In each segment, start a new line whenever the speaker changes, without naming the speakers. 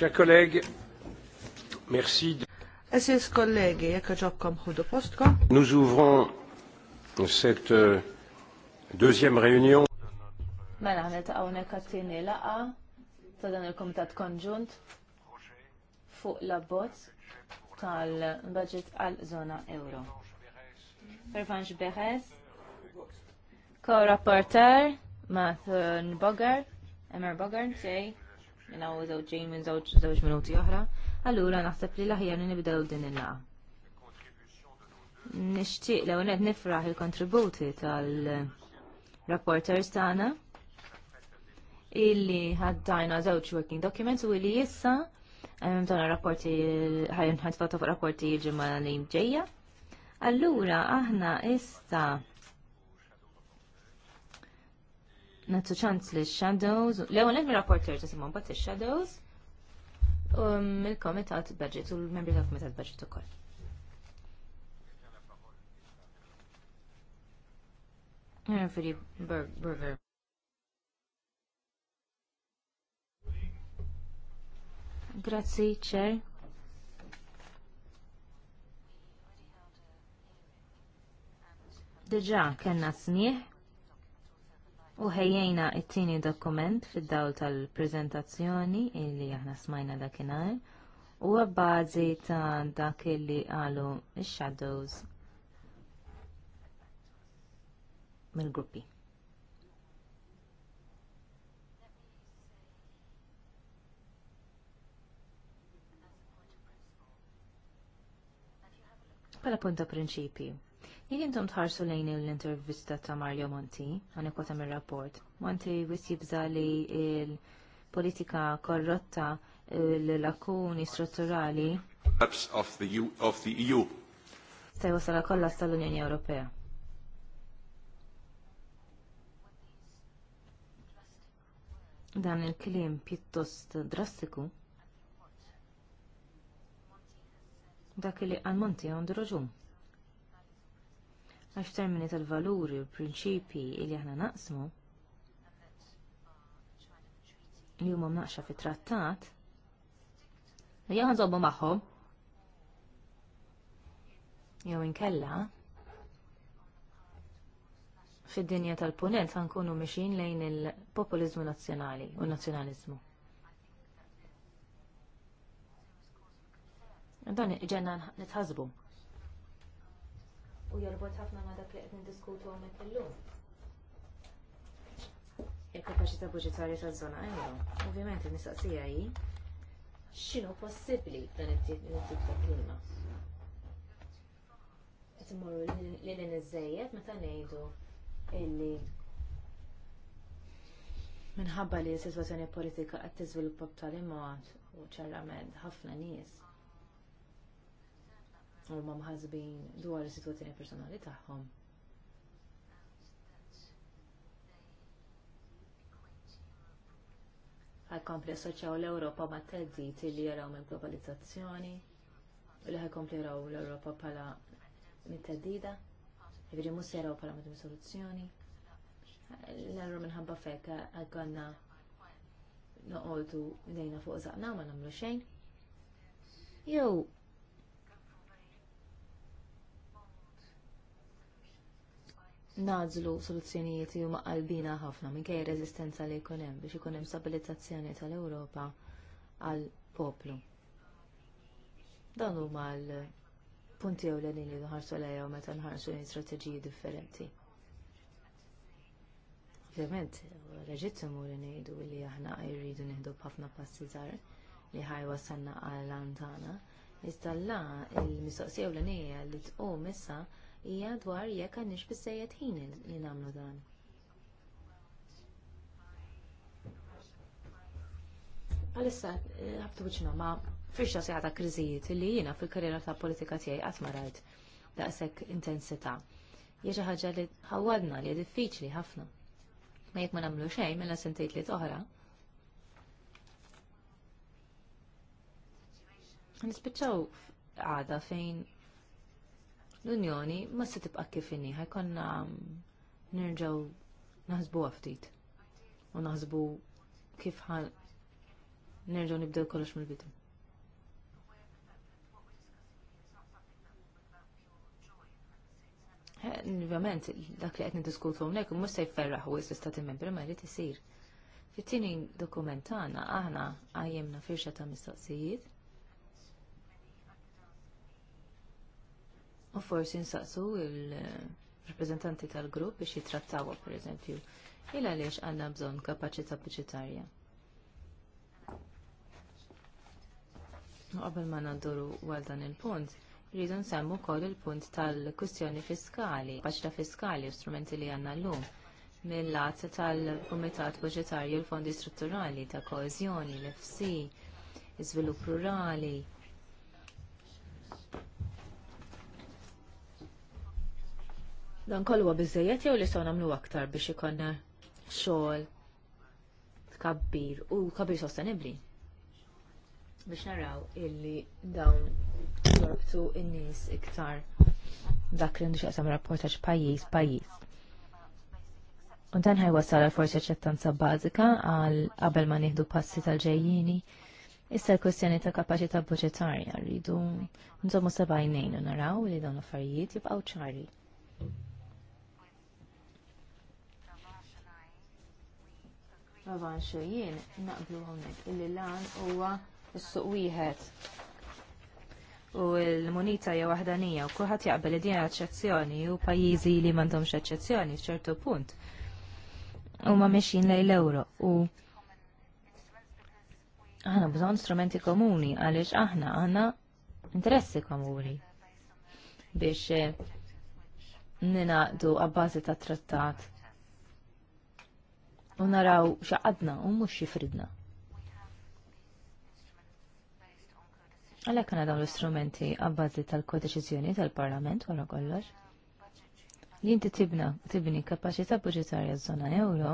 Chers collègues, merci.
j'ai comme coup de poste quoi.
Nous ouvrons cette euh, deuxième réunion.
Mela ħanet hawnhekk għattini laqa ta' dan le comité conjoint. fuq la botte tal-budget al zona euro. Pervanx Beres, co-rapporter ma' Bogar, Emer Bogar, sej, jina u zawġin minn zawġ zawġ minuti oħra, allura naħseb li laħjar nibdew din il-laqa. Nishtiq l għonet nifraħ il-kontributi tal-rapporters tagħna illi ħaddajna zawġ working documents u illi jissa tana rapporti ħajn ħadfata fuq rapporti ġimma li mġejja. Allura aħna issa Natu ċans li shadows l-ewwel hemm rapporter ta' simon bat shadows u um, mill-komitat budget u l-membri ta' komitat budget ukoll. Fili Burger. Grazzi, ċer. Deġa kena sniħ. U ħejjejna it-tieni dokument fid-dawl tal-prezentazzjoni illi aħna smajna dakinhar u għabbażi ta' dak illi qalu ix-shadows mill-gruppi. Pala punta prinċipju. Jek intom tħarsu lejn l-intervista ta' Mario Monti, għanikota mir rapport Monti wis jibżali li il-politika korrotta l-lakuni strutturali
of the, EU, of the EU.
Staj wasala kollha tal-Unjoni Ewropea. Dan il-klim pjuttost drastiku. Dak li għal Monti għandu raġun għax termini tal-valuri u l-prinċipji li aħna naqsmu li huma mnaqxa fit trattat jew nżobbu magħhom jew inkella fid-dinja tal-punent ħankunu mixin lejn il-populizmu nazzjonali u nazzjonaliżmu. Dan ġenna nitħasbu u jorbot ħafna ma dak li qed niddiskutu hawnhekk illum. Il-kapaċità buġitarja taż-żona euro, ovvjament il-mistaqsija hi x'inhu possibbli dan it-tip ta' klima. Qed immorru lilin iż meta ngħidu illi minħabba li s-sitwazzjoni politika qed tiżviluppa b'tal-imod u ċarrament ħafna nies huma mħazbin dwar is-sitwazzjoni personali tagħhom. ħajkompli assoċjaw l-Ewropa ma' teddit li jaraw mill globalizzazzjoni u li ħajkompli jaraw l-Ewropa bħala mit-teddida, jivri mus jaraw bħala mit soluzzjoni. L-għarru minħabba fekk għagħanna noqoltu dejna fuq zaqna ma namlu xejn. Jow, nażlu soluzzjonijiet li huma qalbina ħafna minkejja reżistenza li jkun hemm biex ikun hemm stabilizzazzjoni tal-Ewropa għall poplu. Dan huma l-punti ewlenin li nħarsu lejhom meta nħarsu strateġiji differenti. Ovvjament, leġittimu li ngħidu li aħna jridu nieħdu b'ħafna passi żgħar li ħajwa sanna għal tagħna. Iżda la il-mistoqsija ewlenija li tqum issa hija dwar jekk għandix biżżejjed ħin li nagħmlu dan. Għalissa, għabtu eh, bħiċna, ma firxa siħa kriżijiet li jiena fil-karriera ta' politika tiegħi qatt ma rajt daqshekk intensità. Hija ħaġa li ħawadna li diffiċli ħafna. Ma jekk ma nagħmlu xejn mela sentejt li toħra, nispiċċaw għada fejn l-Unjoni ma se tibqa' kif inhi, ħajkonna mm, nirġaw naħsbu ftit u naħsbu kif ħal nerġgħu nibdew kollox mill-bidu. Eh, ovvjament, dak li qed niddiskutu hawnhekk mhux se jferraħ u l-istati membri ma jrid isir. Fit-tieni dokument tagħna aħna għajjemna firxa ta' mistoqsijiet U forsi nsaqsu il reprezentanti tal-grupp biex jitrattawa, per eżempju, il għaliex għanna bżon kapacita budgetarja. qabel ma nadduru għal dan il-punt, rridu nsemmu wkoll il-punt tal kustjoni fiskali, paċta fiskali, strumenti li għandna llum mill-lat tal-Kumitat Budgetarju l-Fondi Strutturali ta' Koezjoni, l-FC, Izvilup Rurali, Dan kollu biżejjed jew li sew nagħmlu aktar biex ikonna xogħol kabbir u kabbir sostenibbli. Biex naraw illi dawn jorbtu in-nies iktar dak li ndux xaqsam rapportax pajjiż pajjiż. U dan wasal għal forsi ċettanza bażika għal qabel ma nieħdu passi tal-ġejjini Issa l-kwestjoni ta' kapaċità budġetarja rridu nżommu sebajnejn u naraw li dawn affarijiet jibqgħu ċari. ma jien naqblu hawnhekk illi lan huwa s-suq wieħed. U l-munita hija waħdanija u kulħadd jaqbel li din eċċezzjoni u pajjiżi li m'għandhomx eċċezzjoni f'ċertu punt. Huma mexjin lejn l-ewro u aħna bżonn strumenti komuni għaliex aħna għandna interessi komuni biex ninaqdu għabbażi ta' trattat u naraw xaqadna u mhux xifridna. Għalhekk għandna dawn l-istrumenti għabbazi tal kodeċizjoni tal-Parlament għara kollox. Li inti tibna tibni budgetarja budġetarja żona euro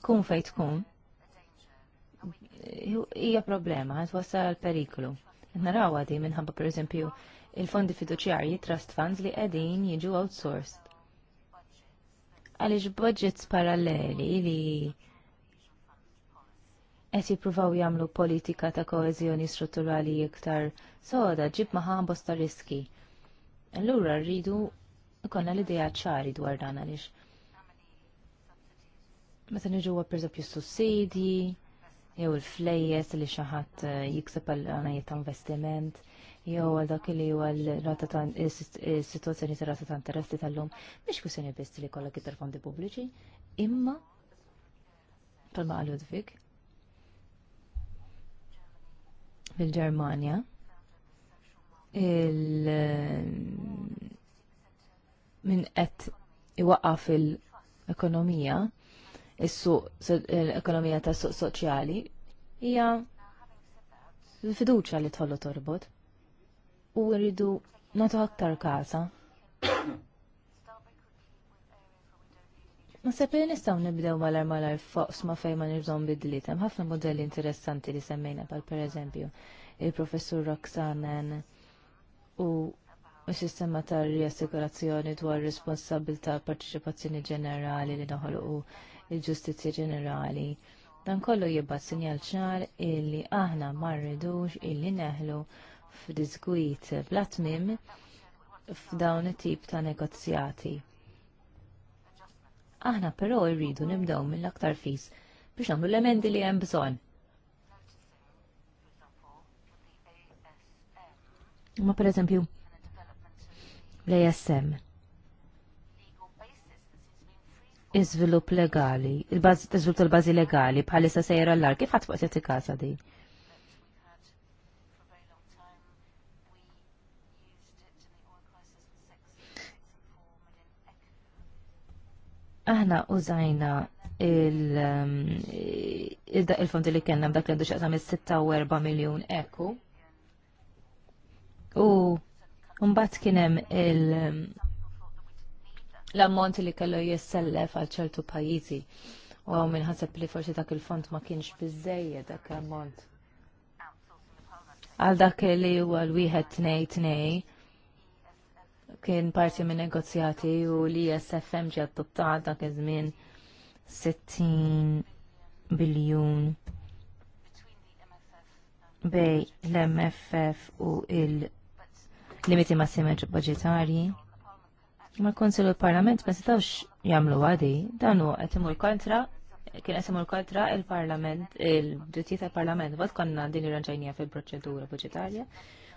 tkun fej tkun hija problema, għad wasal għal-periklu. Naraw għadi minnħabba, per eżempju il-fondi fiduċjarji trust funds li għedin jiġu outsourced għaliex budgets paralleli li qed jippruvaw jagħmlu politika ta' koeżjoni strutturali iktar soda ġib maħa bosta riski. Allura rridu ikollna l-idea ċari dwar dan għaliex. Meta niġu pereżempju s-sussidji, jew il-flejjes li xi ħadd jikseb għal għanajiet ta' investiment jew għal dak li huwa l-rata ta' is-sitwazzjoni ta' rata ta' interessi tal-lum mhix kwistjoni biss li jkollok iktar fondi pubbliċi, imma palma qal Ludwig fil-Ġermanja il min qed iwaqqaf il-ekonomija is-suq l-ekonomija tas suq soċjali hija l-fiduċja li tħollu torbot u rridu natu aktar kasa. sepp li nistaw nibdew malar malar foqs ma fejma ma nirżom bidliet. Hemm ħafna modelli interessanti li semmejna pal per eżempju il-professur Roxanen u s-sistema ta' riassikurazzjoni dwar responsabilta partiċipazzjoni ġenerali li u il-ġustizja ġenerali. Dan kollu jibba sinjal ċar illi aħna marridux illi neħlu f'diskwit bla f'dawn it-tip ta' negozjati. Aħna però jridu nibdew mill-aktar fis biex nagħmlu l-emendi li hemm bżonn. Ma pereżempju l-ASM. Iżvilupp legali, il tal-bażi legali bħalissa sejra l-ar, kif ħadd fuq di? aħna użajna um, il-fondi li kena dak li għandu xaqsam il-46 miljon eku. U mbagħad kien hemm um, l-ammont li kellu jissellef għal ċertu pajjiżi. U minħaseb li forsi dak il-fond ma kienx biżejjed dak l-ammont. Għal dak li huwa l-wieħed tnej tnej kien parti minn negozjati u li SFM ġi adottat dak iż-żmien 60 biljun bej l-MFF u il-limiti massimi budgetari. Ma konsilu l-Parlament ma setawx jamlu għadi, dan u għetimu l-kontra, kien għetimu l-kontra il-Parlament, il-ġutiet tal-Parlament, bat konna din irranġajnija fil-proċedura budgetarja,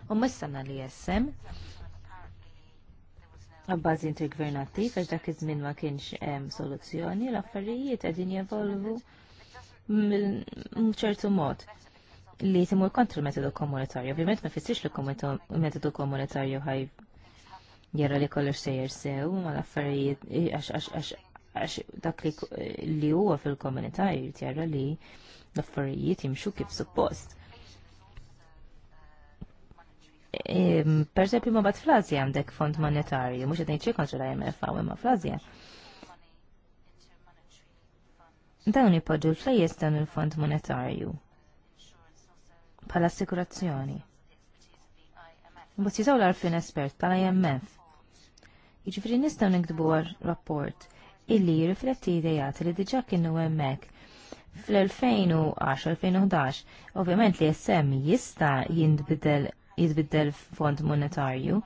u mistanna li jessem bażi intergvernattiv għax dak iż-żmien ma kienx hemm soluzzjoni, l-affarijiet qegħdin jevolvu m'ċertu mod li timur kontra l-metodu komunitarju. Ovvjament ma fissirx li metodu komunitarju ħaj jara li kollox se sew ma l-affarijiet għax dak li huwa fil-komunitarju jara li l-affarijiet jimxu kif suppost. Per esempio, ma bat fl għandek fond monetarju, mux għedin ċi kontra l-IMF għaw imma fl Dawn ipoġġu l-flejjes dan il-fond monetarju pala assikurazzjoni. Mbus jizaw l-arfin espert tal-IMF. Iġifri nistaw nikdbu rapport illi rifletti idejat li diġa kienu għemmek fl-2010-2011, ovvjament li jessem jista jindbidel jitbiddel fond monetarju.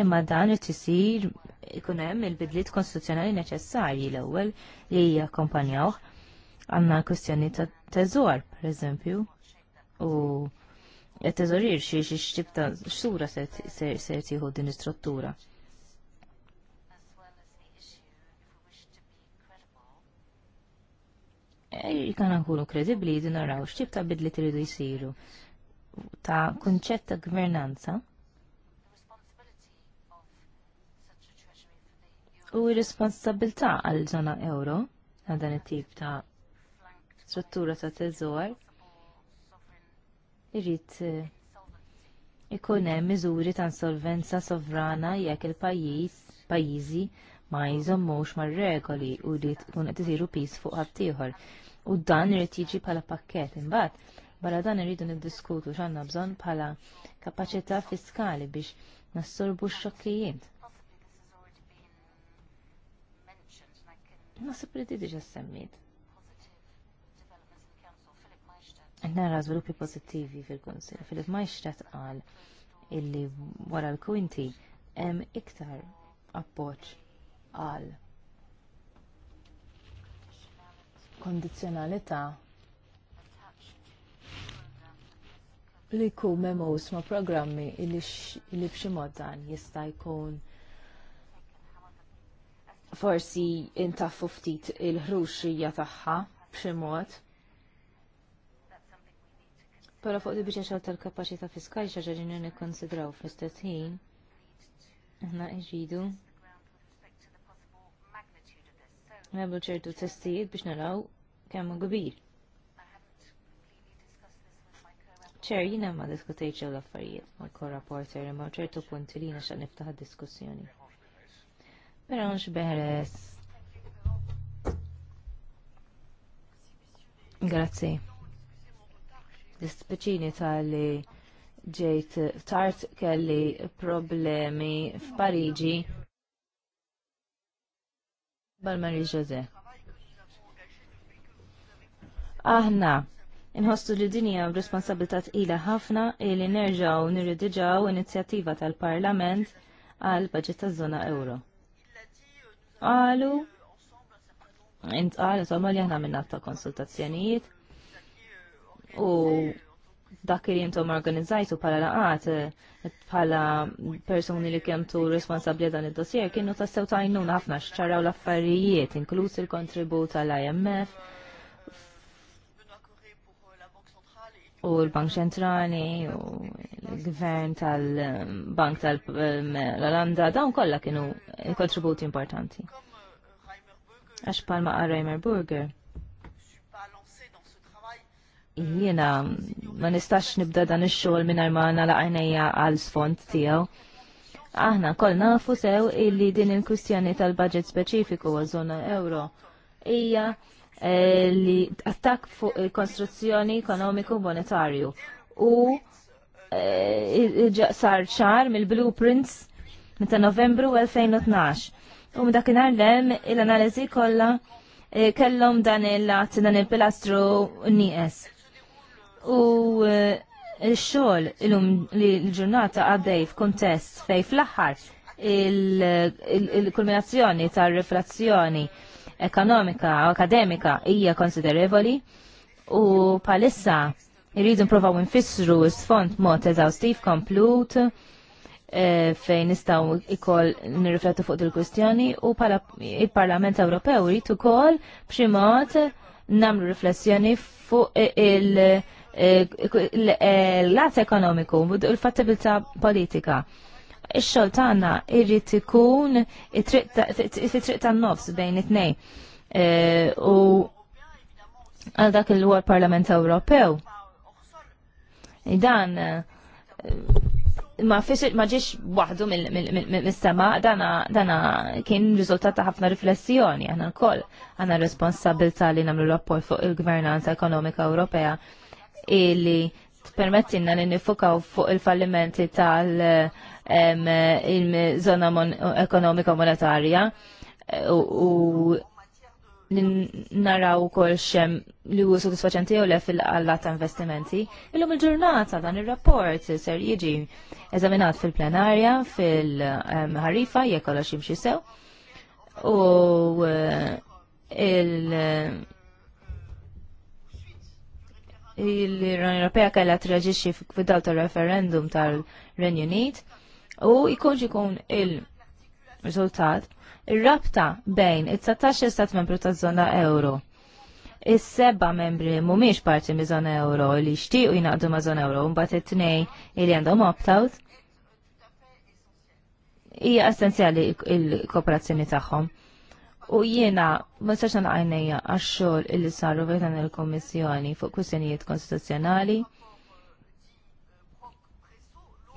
Imma dan irid isir ikun hemm il-bidliet konstituzzjonali neċessarji l-ewwel li jakkompanjawh għandna kwestjoni ta' teżor, pereżempju, u teżorir xi xi ta' x'sura se tieħu din istruttura. Eh, kan nkunu kredibli din naraw x'tib ta' bidli iridu jsiru ta' kunċett ta' gvernanza u responsabilità għal żona euro għal dan it-tip ta' struttura ta' teżor irrit eh, ikun hemm miżuri ta' insolvenza sovrana jekk il-pajjiż pajjiżi ma jżommux mar-regoli u li tkun qed isiru pis fuq ħaddieħor. U dan irid jiġi bħala pakkett imbagħad Bara dan irridu niddiskutu x'għandna bżonn bħala kapaċità fiskali biex nassorbu x-xokkijiet. Nasib li diġa semmit. Nara żviluppi pożittivi fil konsil Filip Majstrat qal illi wara l-kwinti hemm iktar appoġġ għal kondizzjonalità li jkun memus ma' programmi li b'xi mod dan jista' jkun forsi intaffu ftit il-ħruxija tagħha b'xi mod. Però fuq li biex tal-kapaċità fiskali xi ħaġa li nikkonsidraw fl-istess ħin aħna jridu Nebbu ċertu testijiet biex naraw kemm kbir. ċer jina ma diskutejt ġew l-affarijiet mal korrapporter imma ċertu punti li jina xan iftaħ diskussjoni. Pero nx beħres. Grazzi. Dispeċini tal-li ġejt tard kelli problemi f'Pariġi bal-Marie José. Aħna, Inħossu li dinja responsabilità tqila ħafna li nerġaw nirridġaw inizjattiva tal-Parlament għal budget taż-żona euro. int għalu, insomma li aħna minna ta' konsultazzjonijiet u dak li jintom organizzajtu pala laqat pala personi li kemtu responsabli dan id-dossier kienu tassew tajnuna ħafna xċaraw l-affarijiet, inkluż il-kontribut għal-IMF, u l-Bank Ċentrali u l-Gvern tal-Bank tal-Olanda dawn kollha kienu kontributi importanti. Għax palma għal Burger. Jiena ma nistax nibda dan ix-xogħol mingħajr ma nagħlaq għajnejja għal sfond tiegħu. Aħna kollna nafu sew illi din il-kwistjoni tal-budget speċifiku għal żona euro Ija, Eh, li attak fuq il-konstruzzjoni ekonomiku monetarju u eh, sar ċar mill-blueprints meta novembru 2012. U mdakinhar lem l-analiżi kollha eh, kellhom dan il-lat dan il-pilastru nieqes. U il-xogħol illum li l-ġurnata għaddej f'kuntest fej fl-aħħar il-kulminazzjoni tar-riflazzjoni il kulminazzjoni tar riflazzjoni ekonomika u akademika hija konsiderevoli u palissa irridu nprovaw nfissru s-sfond mod eżawstiv komplut e, fejn nistaw ikoll nirriflettu fuq il kwistjoni u pala il-Parlament Ewropew rrit ukoll b'xi mod nagħmlu riflessjoni fuq e, il- e, l-lat ekonomiku u l-fattabilità politika. Ix-xogħol tagħna irrid ikun it-triq tan-nofs bejn it-tnejn. Eh, u għal dak il huwa parlament Ewropew. Dan eh, ma fiex ma ġiex waħdu mis-sema dana kien riżultat ta' ħafna riflessjoni aħna l-koll għandna responsabilità li nagħmlu rapport fuq il-gvernanza ekonomika Ewropea illi tpermettilna li nifukaw fuq il-fallimenti tal- il-zona ekonomika monetarja u naraw kol xem li u soddisfaċenti u lef il-għalla ta' investimenti. Illum il-ġurnata dan il-rapport ser jiġi eżaminat fil-plenarja, fil-ħarifa, jekolla ximxi sew. U eh, il- il Europea Ewropea kellha treġixxi f'dal tal-referendum tal-Renju Unit u jkunx ikun il-riżultat ir-rabta bejn it-19 stat membru taż-żona euro. Is-seba membri mhumiex parti mi żona euro li jixtiequ jinaqdu ma' żona euro mbagħad it-tnejn li għandhom opt-out hija essenzjali il-kooperazzjoni tagħhom. U jiena ma nistax għajnejja għax-xogħol illi saru fejn il-Kommissjoni fuq kwistjonijiet konstituzzjonali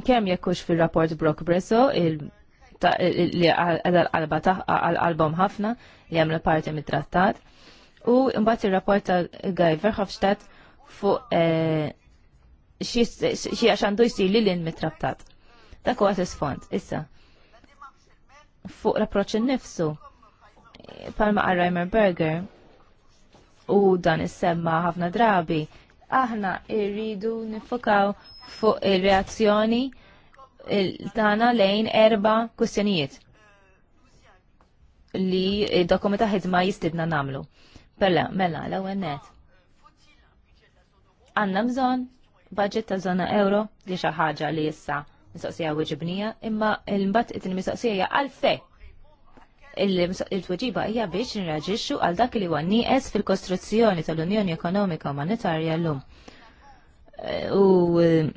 kemm jekkux fil-rapport Brock Bresso li għal-qalba għal-album ħafna li għamlu parti mit-trattat u mbagħad ir-rapport ta' Guy Verhofstadt fuq eh, xi għax għandu jsir li mit-trattat. Dak huwa t-sfond, issa. Fuq l-approċċ innifsu palma għal Reimer Berger u dan is-semma ħafna drabi aħna irridu nifokaw fuq il-reazzjoni tagħna lejn erba' kustjonijiet li dokumenta ħidma jistidna namlu. Pella, mela, l-ewwel net. Għandna bżonn budget ta' zona euro li xi ħaġa li issa mistoqsija wieġibnija, imma l-mbatt it mistoqsija għalfej. Il-tweġiba hija biex nirraġixxu għal dak li huwa nieqes fil-kostruzzjoni tal-Unjoni Ekonomika u Monetarja llum u eh,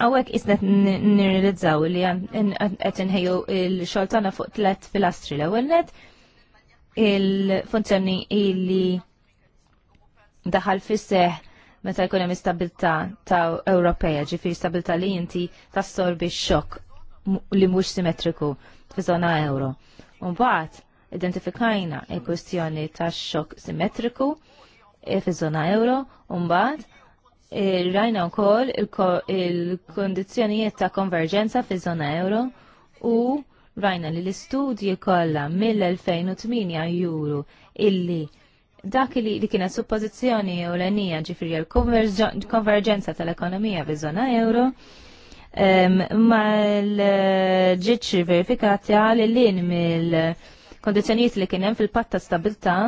għawek isnet nirrealizzaw li għetin ħeju il-xoltana fuq tlet filastri l ewwelnet il-funzjoni illi daħal fisseħ meta jkun hemm istabilta ta' Ewropeja, ġifieri stabilta li inti tassorbi x-xokk li mhux simetriku fi żona euro. Mbagħad identifikajna il-kwestjoni ta' xokk simmetriku Eh, fiż-żona euro u mbagħad rajna wkoll il kundizzjonijiet ta' konverġenza fiż-żona euro u rajna li l-istudji kollha mill-2008 juru illi dak li, li kienet suppożizzjoni ewlenija ġifri l-konverġenza tal-ekonomija fiż-żona euro ma l-ġiċ verifikati għal l-lin mill-kondizjoniet li kienem fil-patta stabilta'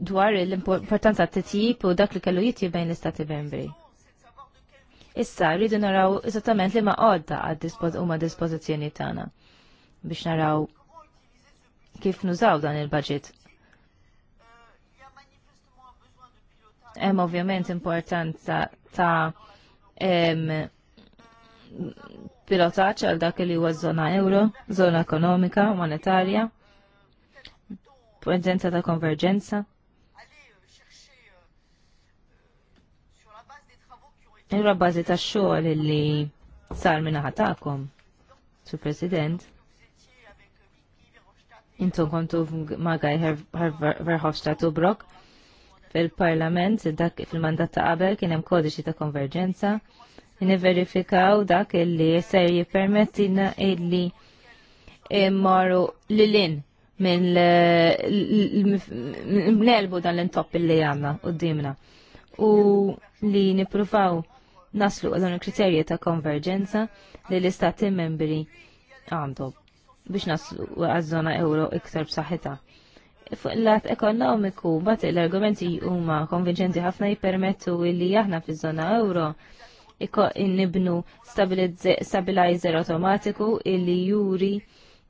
dwar l-importanza t-tip u dak li kellu jitjib bejn l-istati membri. Issa, rridu naraw esattament li ma għodda għad huma dispożizzjoni tagħna biex naraw kif nużaw dan il-budget. Hemm ovvjament importanza ta' pilotaċ għal dak li huwa żona euro, żona ekonomika, monetarja fuq ta' konverġenza. Irra bażi ta' xogħol li sar minn ħatakom, Sur President. Intom kontu ma' Gaj Verhofstadt u Brok fil-parlament dak fil-mandat ta' qabel kien hemm kodiċi ta' konverġenza niverifikaw dak illi ser jippermettina illi marru lilin minn l-elbu dan l-intopp li għanna u dimna. U li nipruvaw naslu għadon il-kriterji ta' konverġenza li l-istati membri għandhom biex naslu għazzona euro iktar b'saħħita. Fuq l-lat ekonomiku, bat l-argumenti huma konvinċenti ħafna jipermettu li jahna fiż-żona euro innibnu stabilizer automatiku illi juri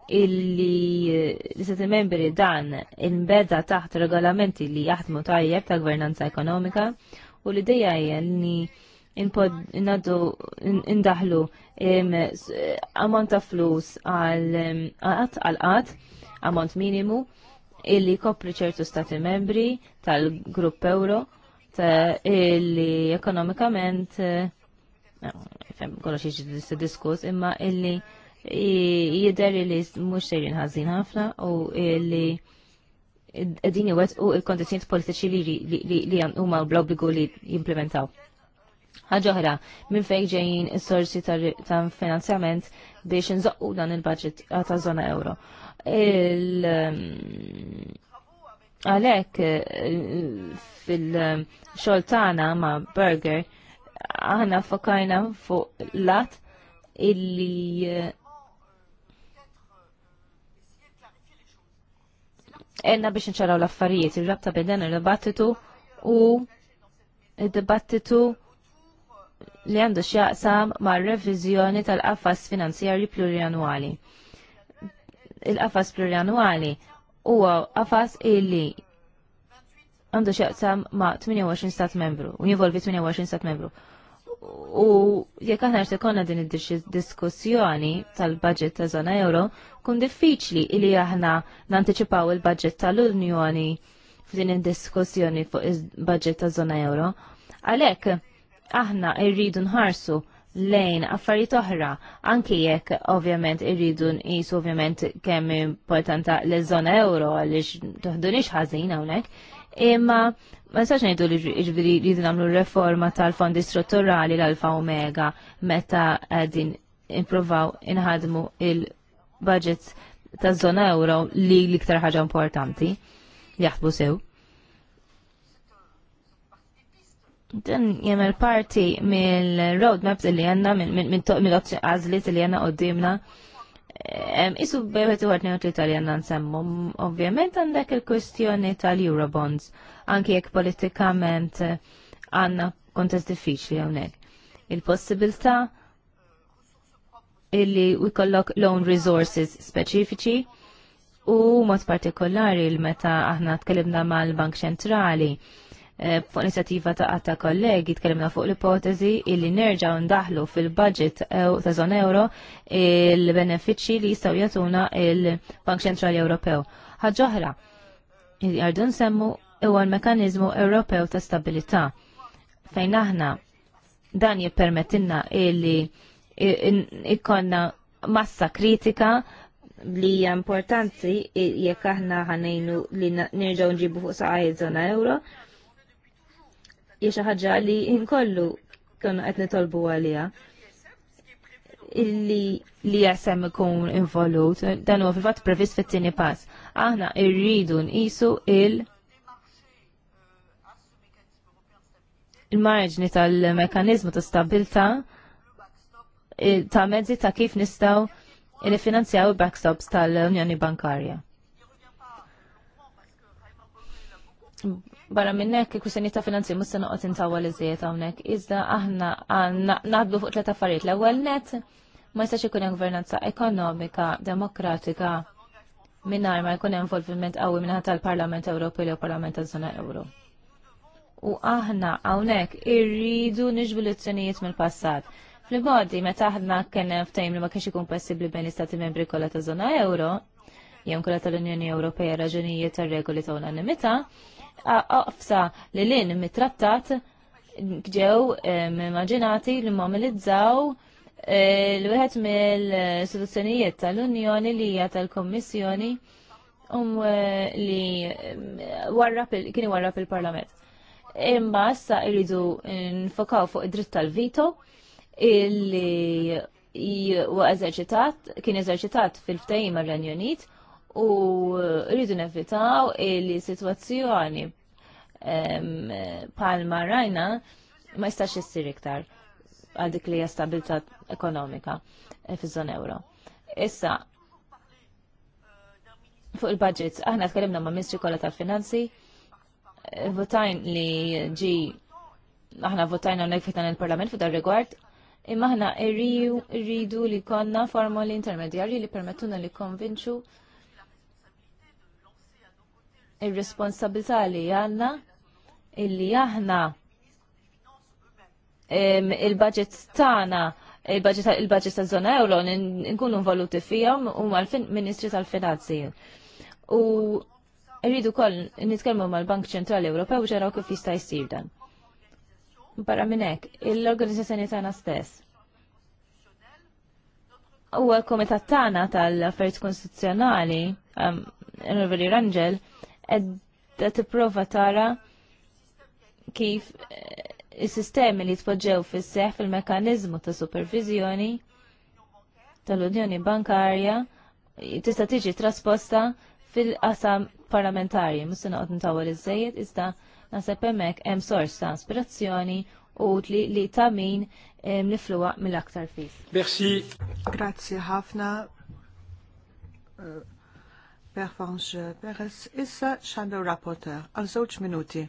illi eh, l-istati membri dan inbeda taħt regolamenti li jaħdmu tajjeb ta' gvernanza ekonomika u li dejja li inpod naddu indaħlu ammont ta' flus għal qatt għal qatt ammont minimu illi kopri ċertu stati membri tal-grupp euro illi ekonomikament eh, kollox jiġi diskuss imma illi jider li mux sejrin ħazin ħafna u li dini għet u il-kondizjoni politiċi li għan u ma l-obbligu li jimplementaw. ħagħoħra, minn fejn ġejjin il-sorsi ta' finanzjament biex nżoqqu dan il-budget ta' zona euro. Um, Għalek fil-xoltana ma' Burger, aħna fokajna fuq lat illi enna biex nċaraw l-affarijiet, il-rabta bejn il-dibattitu u il-dibattitu li għandu xjaqsam ma' revizjoni tal-qafas finanzjarji plurianwali. Il-qafas plurianwali huwa qafas illi għandu xjaqsam ma' 28 stat membru u jivolvi 28 stat membru. U jekk aħna rrid konna din id-diskussjoni tal-budget ta' żona euro, kun diffiċli li aħna nanticipaw il-budget tal-Unjoni f'din id-diskussjoni fuq il-budget ta' żona euro. Għalhekk aħna rridu nħarsu lejn affarijiet oħra, anki jekk ovvjament irridu nqisu ovvjament kemm importanta l-żona euro għaliex nix ħażin hawnhekk, imma ma nistax ngħidu li ġifieri rridu nagħmlu reforma tal-fondi strutturali l-alfa omega meta qegħdin improvaw inħadmu il-budgets taż-żona euro li l-iktar ħaġa importanti jaħbu sew. Dan jemel parti mill-roadmaps li għanna, mill-għazlit li għanna qoddimna. Mil Isu bebet uħat neutri l janna nsemmu, ovvjament għandek il-kwestjoni tal-Eurobonds, anki jekk politikament eh, għanna kontest diffiċli għonek. Il-possibilta illi u kollok loan resources speċifiċi u mod partikolari il-meta aħna tkellimna mal-Bank Ċentrali Eh, fuq inizjattiva ta' għatta kollegi tkellimna fuq l-ipotezi illi nerġaw ndaħlu fil-budget ta' zon euro il-benefiċċji li jistaw jatuna il-Bank Ċentrali Ewropew. Ħaġoħra, jardu nsemmu huwa l-mekanizmu Ewropew ta' stabilità fejn aħna dan jippermettinna illi ikkonna massa kritika li hija importanti jekk aħna ħanejnu li nerġgħu nġibu fuq saqajja żona euro jiexa ħagġa li jinkollu konna qed nitolbu għalija illi li jasem ikun involut, dan huwa fil-fatt previst fit-tieni pass. Aħna rridu nqisu il- il-marġni tal-mekanizmu ta' stabilta ta' mezzi ta' kif nistaw il-finanzjaw il-backstops tal-Unjoni Bankarja. barra minnek il se ta' finanzi musta se noqgħod intawwa li żejjed hawnhekk. Iżda aħna naħdbu fuq tliet affarijiet. L-ewwel net ma jistax ikun hemm gvernanza ekonomika, demokratika mingħajr ma jkun hemm involviment qawwi mingħajr tal-Parlament Ewropew jew Parlament taż-żona Ewro. U aħna hawnhekk irridu niġbu lezzjonijiet mill-passat. Fl-modi meta aħna kien ftajm li ma kienx ikun possibli bejn l-istati membri kollha taż-żona Ewro, jew kollha tal-Unjoni Ewropea raġunijiet tar-regoli ta' unanimità, qafsa li l mit-trattat ġew immaġinati li mamilizzaw eh, l-wieħed mill-istituzzjonijiet tal-Unjoni li hija tal-Kommissjoni um eh, li warrab kien warrab il-Parlament. Imma issa jridu eh, nfokaw fuq id-dritt tal-vito illi huwa eżerċitat, kien eżerċitat fil ftajim ar renju Unit u rridu nevitaw li situazzjoni palma rajna ma jistax jessir iktar għal dik li hija stabilità ekonomika eh, fiż-żon euro. Issa, fuq il-budget, aħna tkellimna ma' Ministri kollha tal-Finanzi, eh, votajn li ġi aħna votajna unnek fitan il-Parlament fuq f'dar rigward, imma aħna rridu li konna formoli intermedjarji li permettuna li konvinċu ir-responsabilità li għandna illi aħna il-budget tagħna il-budget ta' zona euro nkunu involuti fihom u mal-Ministri tal-Finanzi. U rridu koll nitkellmu mal-Bank Ċentrali Ewropew ġaraw kif jista' jsir dan. Barra minn hekk, l-organizzazzjoni tagħna stess. Huwa komitat tagħna tal-affarijiet konstituzzjonali, Rangel, edda tipprova tara kif eh, is-sistemi li tpoġġew fis-seħ fil-mekanizmu ta' supervizjoni tal-Unjoni Bankarja tista' tiġi trasposta fil-qasam parlamentari. Musta noqgħod ntawwel iż-żejjed iżda naħseb hemmhekk hemm sors ta' inspirazzjoni utli li ta' min eh, nifluwa mill-aktar fis.
Merci.
Grazzi ħafna Fange Perez, issa xandu Rapporteur, għal żewġ minuti.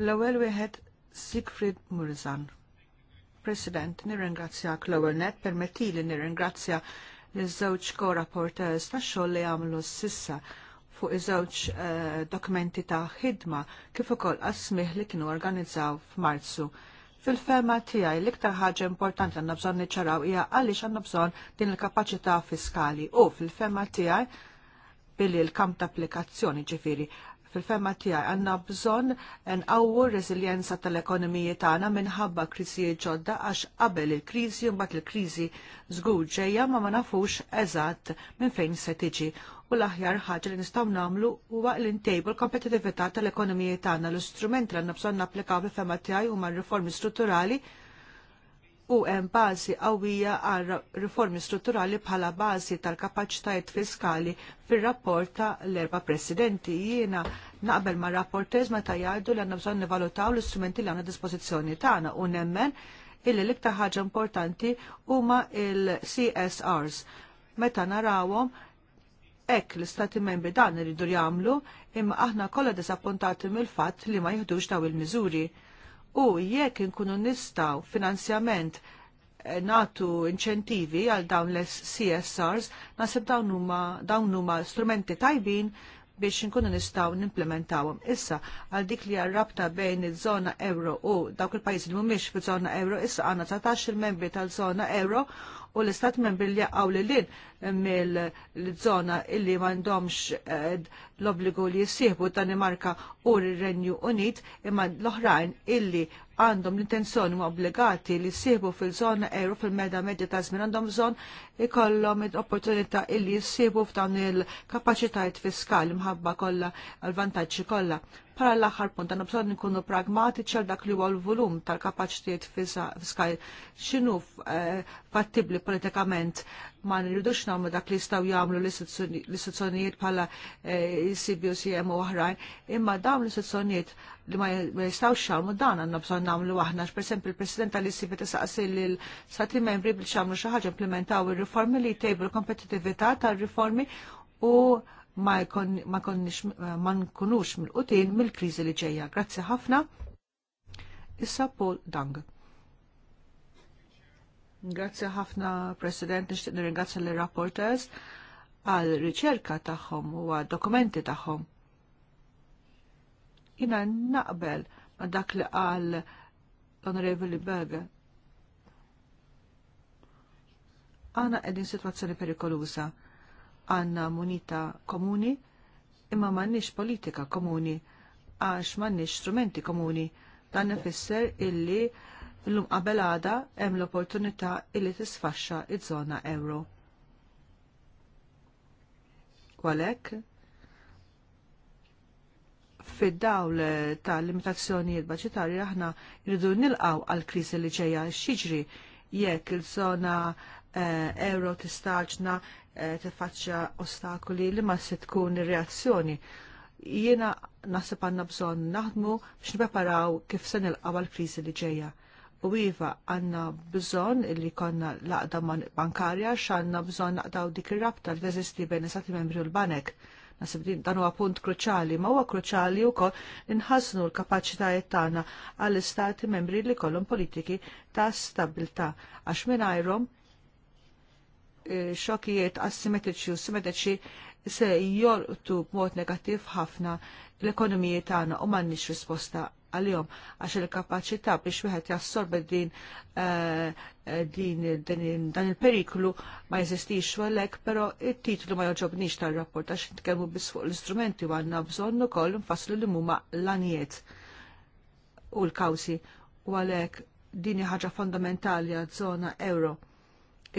L-ewwel wieħed Siegfried Murzan. President, nirringrazzjak l-ewwel net, permettili nirringrazzja l-żewġ co-rapporteurs tax-xogħol li għamlu s-sissa fuq iż-żewġ eh, dokumenti ta' ħidma kif ukoll qasmih li kienu organizzaw f'Marzu. fil ferma tiegħi l-iktar ħaġa importanti għandna bżonn niċċaraw hija għaliex għandna bżonn din il-kapaċità fiskali u fil ferma tiegħi billi l-kamp ta' applikazzjoni ġifiri fil-femma tiegħi għandna bżonn nqawwu r-reżiljenza tal-ekonomiji tagħna minħabba kriżijiet ġodda għax qabel il-kriżi u mbagħad il-kriżi żgur ġejja ma ma nafux eżatt minn fejn se tiġi. U l-aħjar ħaġa li nistgħu nagħmlu huwa l intejbu l-kompetitività tal-ekonomiji tagħna l-istrument li għandna bżonn napplikaw fil-femma tiegħi huma r-riformi strutturali u hemm bażi qawwija għal riformi strutturali bħala bażi tal-kapaċitajiet fiskali fir-rapport ta' l-erba' presidenti. Jiena naqbel ma' rapportez meta jgħidu li għandna bżonn nivalutaw l-istrumenti li għandna dispożizzjoni tagħna u nemmen illi l-iktar ħaġa importanti huma il-CSRs. Meta narawhom Ek l-istati membri dan iridu jagħmlu imma aħna kollha disappuntati mill-fatt li ma jieħdux daw il-miżuri u jekk inkunu nistaw finanzjament eh, natu inċentivi għal dawn l CSRs, nasib dawn huma strumenti tajbin biex nkunu nistaw nimplementawhom. Issa għal dik li rabta bejn iż-żona euro u dawk il-pajjiżi li mhumiex fi żona euro, issa għandna 19 il-membri tal-żona euro u l-istat membri li jaqgħu li lin mill-żona illi m'għandhomx eh, l-obbligu li jissieħbu Danimarka u r-Renju Unit imma l-oħrajn illi għandhom l-intenzjoni ma obbligati li jissieħbu fil-żona euro fil-meda medja ta' żmien għandhom bżonn ikollhom opportunità illi jissieħbu f'dan il-kapaċitajiet fiskali mħabba kollha l vantaġġi kollha Para l-aħħar punt għandna bżonn nkunu pragmatiċi għal dak li huwa l-volum tal-kapaċitiet fiskali x'inhu eh, fattibbli politikament ma nirridux nagħmlu dak li jistgħu jagħmlu l-istituzzjonijiet bħala eh, CBOCM u oħrajn, imma dawn l-istituzzjonijiet li ma jistgħux jagħmlu dan għandna bżonn nagħmlu aħna. Pereżempju il-President tal-ICB tisaqsi lil stati membri biex jagħmlu xi ħaġa implementaw ir-riformi li jtejbu l-kompetitività tal riformi u ma ma nkunux mill-qutin mill-kriżi li ġejja. Grazzi ħafna. Issa Paul Dang. Grazzi ħafna, President, nixtieq nirringrazzja l rapporters għal riċerka tagħhom u għal dokumenti tagħhom. Jina naqbel ma dak li qal Onorevoli Berger. Għana qegħdin sitwazzjoni perikolusa għanna munita komuni imma m'għandniex politika komuni għax m'għandniex strumenti komuni. Dan ifisser illi l-lum qabelada hemm l-opportunità illi tisfaxxa iż-żona euro. Walek, fid-dawl ta' limitazzjonijiet budġetarji aħna jridu nilqaw għal kriżi li ġejja xiġri jekk il-żona eh, euro tistaġna Eh, tifaċċa ostakoli li ma se tkun reazzjoni. Jiena naħseb għandna bżonn naħdmu biex nipreparaw kif se nilqgħu l-kriżi li ġejja. U iva għandna bżonn li konna laqda bankarja x'għandna bżonn naqdaw dik ir-rabta l teżisti bejn is-sati membri u l-banek. Nasib dan huwa punt kruċali, ma huwa kruċali wkoll inħassnu l-kapaċitajiet tagħna għall-istati membri li kollhom politiki ta' stabilta għax mingħajrhom xokijiet asimetriċi u simetriċi se jolqtu b'mod negattiv ħafna l-ekonomiji tagħna u m'għandniex risposta għal-jom għax il-kapacità biex wieħed jassorba eh, din dan il-periklu ma jeżistix għalhekk, però it-titlu ma joġobniex tal-rapport għax nitkellmu biss fuq l-istrumenti u għandna bżonn ukoll nfasslu li huma l-anijiet u l-kawsi u għalhekk din ħaġa fondamentali għaż-żona Ewro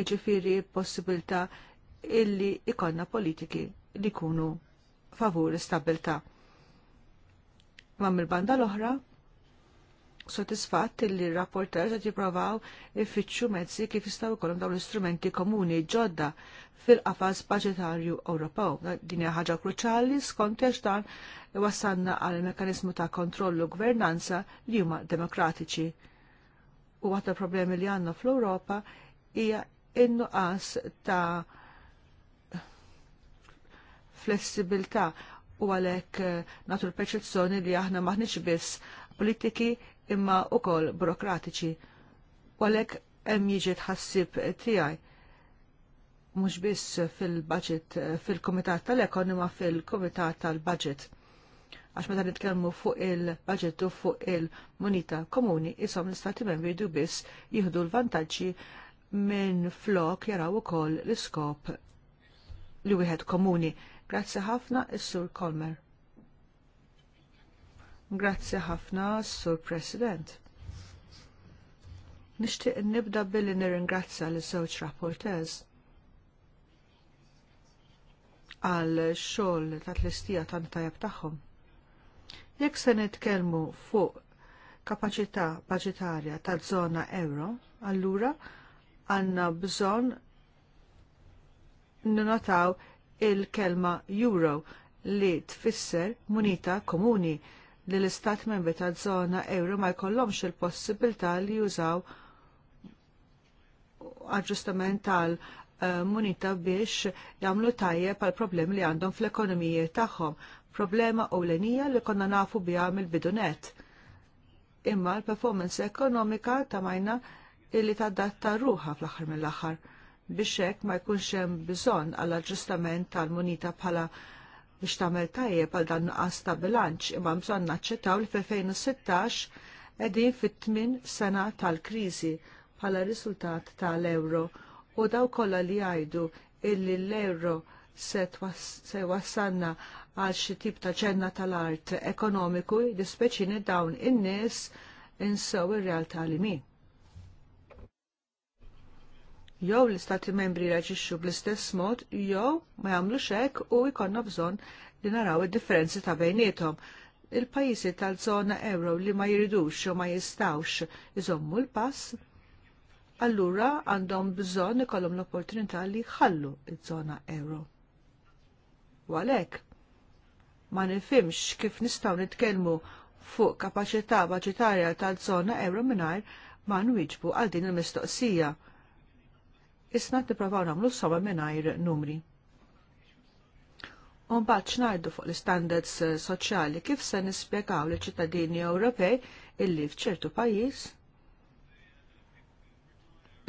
iġifiri possibilta illi ikonna politiki li kunu favur stabilta. Ma il banda l-oħra, sotisfatt li r-rapporter se jipprovaw ifittxu mezzi kif jistgħu jkollhom dawn l-istrumenti komuni ġodda fil-qafas budgetarju Ewropew. Din hija ħaġa kruċali skont dan wasanna għal mekanizmu ta' kontrollu gvernanza li huma demokratiċi. U waħda problemi li għandna fl-Ewropa hija in-nuqas ta' flessibilità u għalhekk eh, natur l-perċezzjoni li aħna maħniċ biss politiki imma wkoll burokratiċi. U għalhekk hemm jiġi tħassib tiegħi mhux biss fil-budget eh, fil-Kumitat tal-Ekon imma fil-Kumitat tal-Budget. Għax meta nitkellmu fuq il-budget u fuq il-munita komuni, isom l istati membri jdu biss jieħdu l-vantaġġi minn flok jaraw ukoll l-iskop li wieħed komuni. Grazzi ħafna is-Sur Kolmer. Grazzi ħafna s-Sur President. Nixtieq nibda billi nirringrazzja l żewġ rapportez għal xogħol ta' tlistija tant tajjeb tagħhom. Jekk se nitkellmu fuq kapaċità baġitarja tal-żona euro, allura għanna bżon ninotaw il-kelma euro li tfisser munita komuni li l-istat membri ta' zona euro ma jkollhomx il-possibilità li jużaw aġġustament tal eh, munita biex jagħmlu tajjeb għal problemi li għandhom fl-ekonomiji tagħhom. Problema ewlenija li konna nafu biha mill-bidunet. Imma l-performance ekonomika ta' majna illi tadatta ruħa fl-aħħar mill-aħħar biex hekk ma jkunx hemm bżonn għall aġġustament tal-munita bħala biex tagħmel tajjeb għal dan nuqqas ta' bilanċ imma bżonn naċċettaw li fl-2016 qegħdin fit-tmien sena tal-kriżi bħala riżultat tal-euro u daw kollha li jgħidu illi l-euro se wassanna għal xi tip ta' ċenna tal-art ekonomiku dispeċini dawn in-nies insew ir-realtà li min jew l-istati membri reġixxu bl-istess mod jew ma jagħmlux hekk u jkollna bżonn li naraw id-differenzi ta' bejniethom. Il-pajjiżi tal-żona euro li ma jiridux u ma jistawx iżommu l-pass, allura għandhom bżonn ikollhom l-opportunità li jħallu iż-żona euro. U għalhekk ma nifhimx kif nistgħu nitkellmu fuq kapaċità baġitarja tal-żona euro mingħajr ma nwieġbu għal din il-mistoqsija Isna t-niprofaw namlu s-sawa minnajr numri. Unbat xnajdu fuq l-standards eh, soċjali kif se nispjegaw li ċittadini Ewropej illi fċertu pajis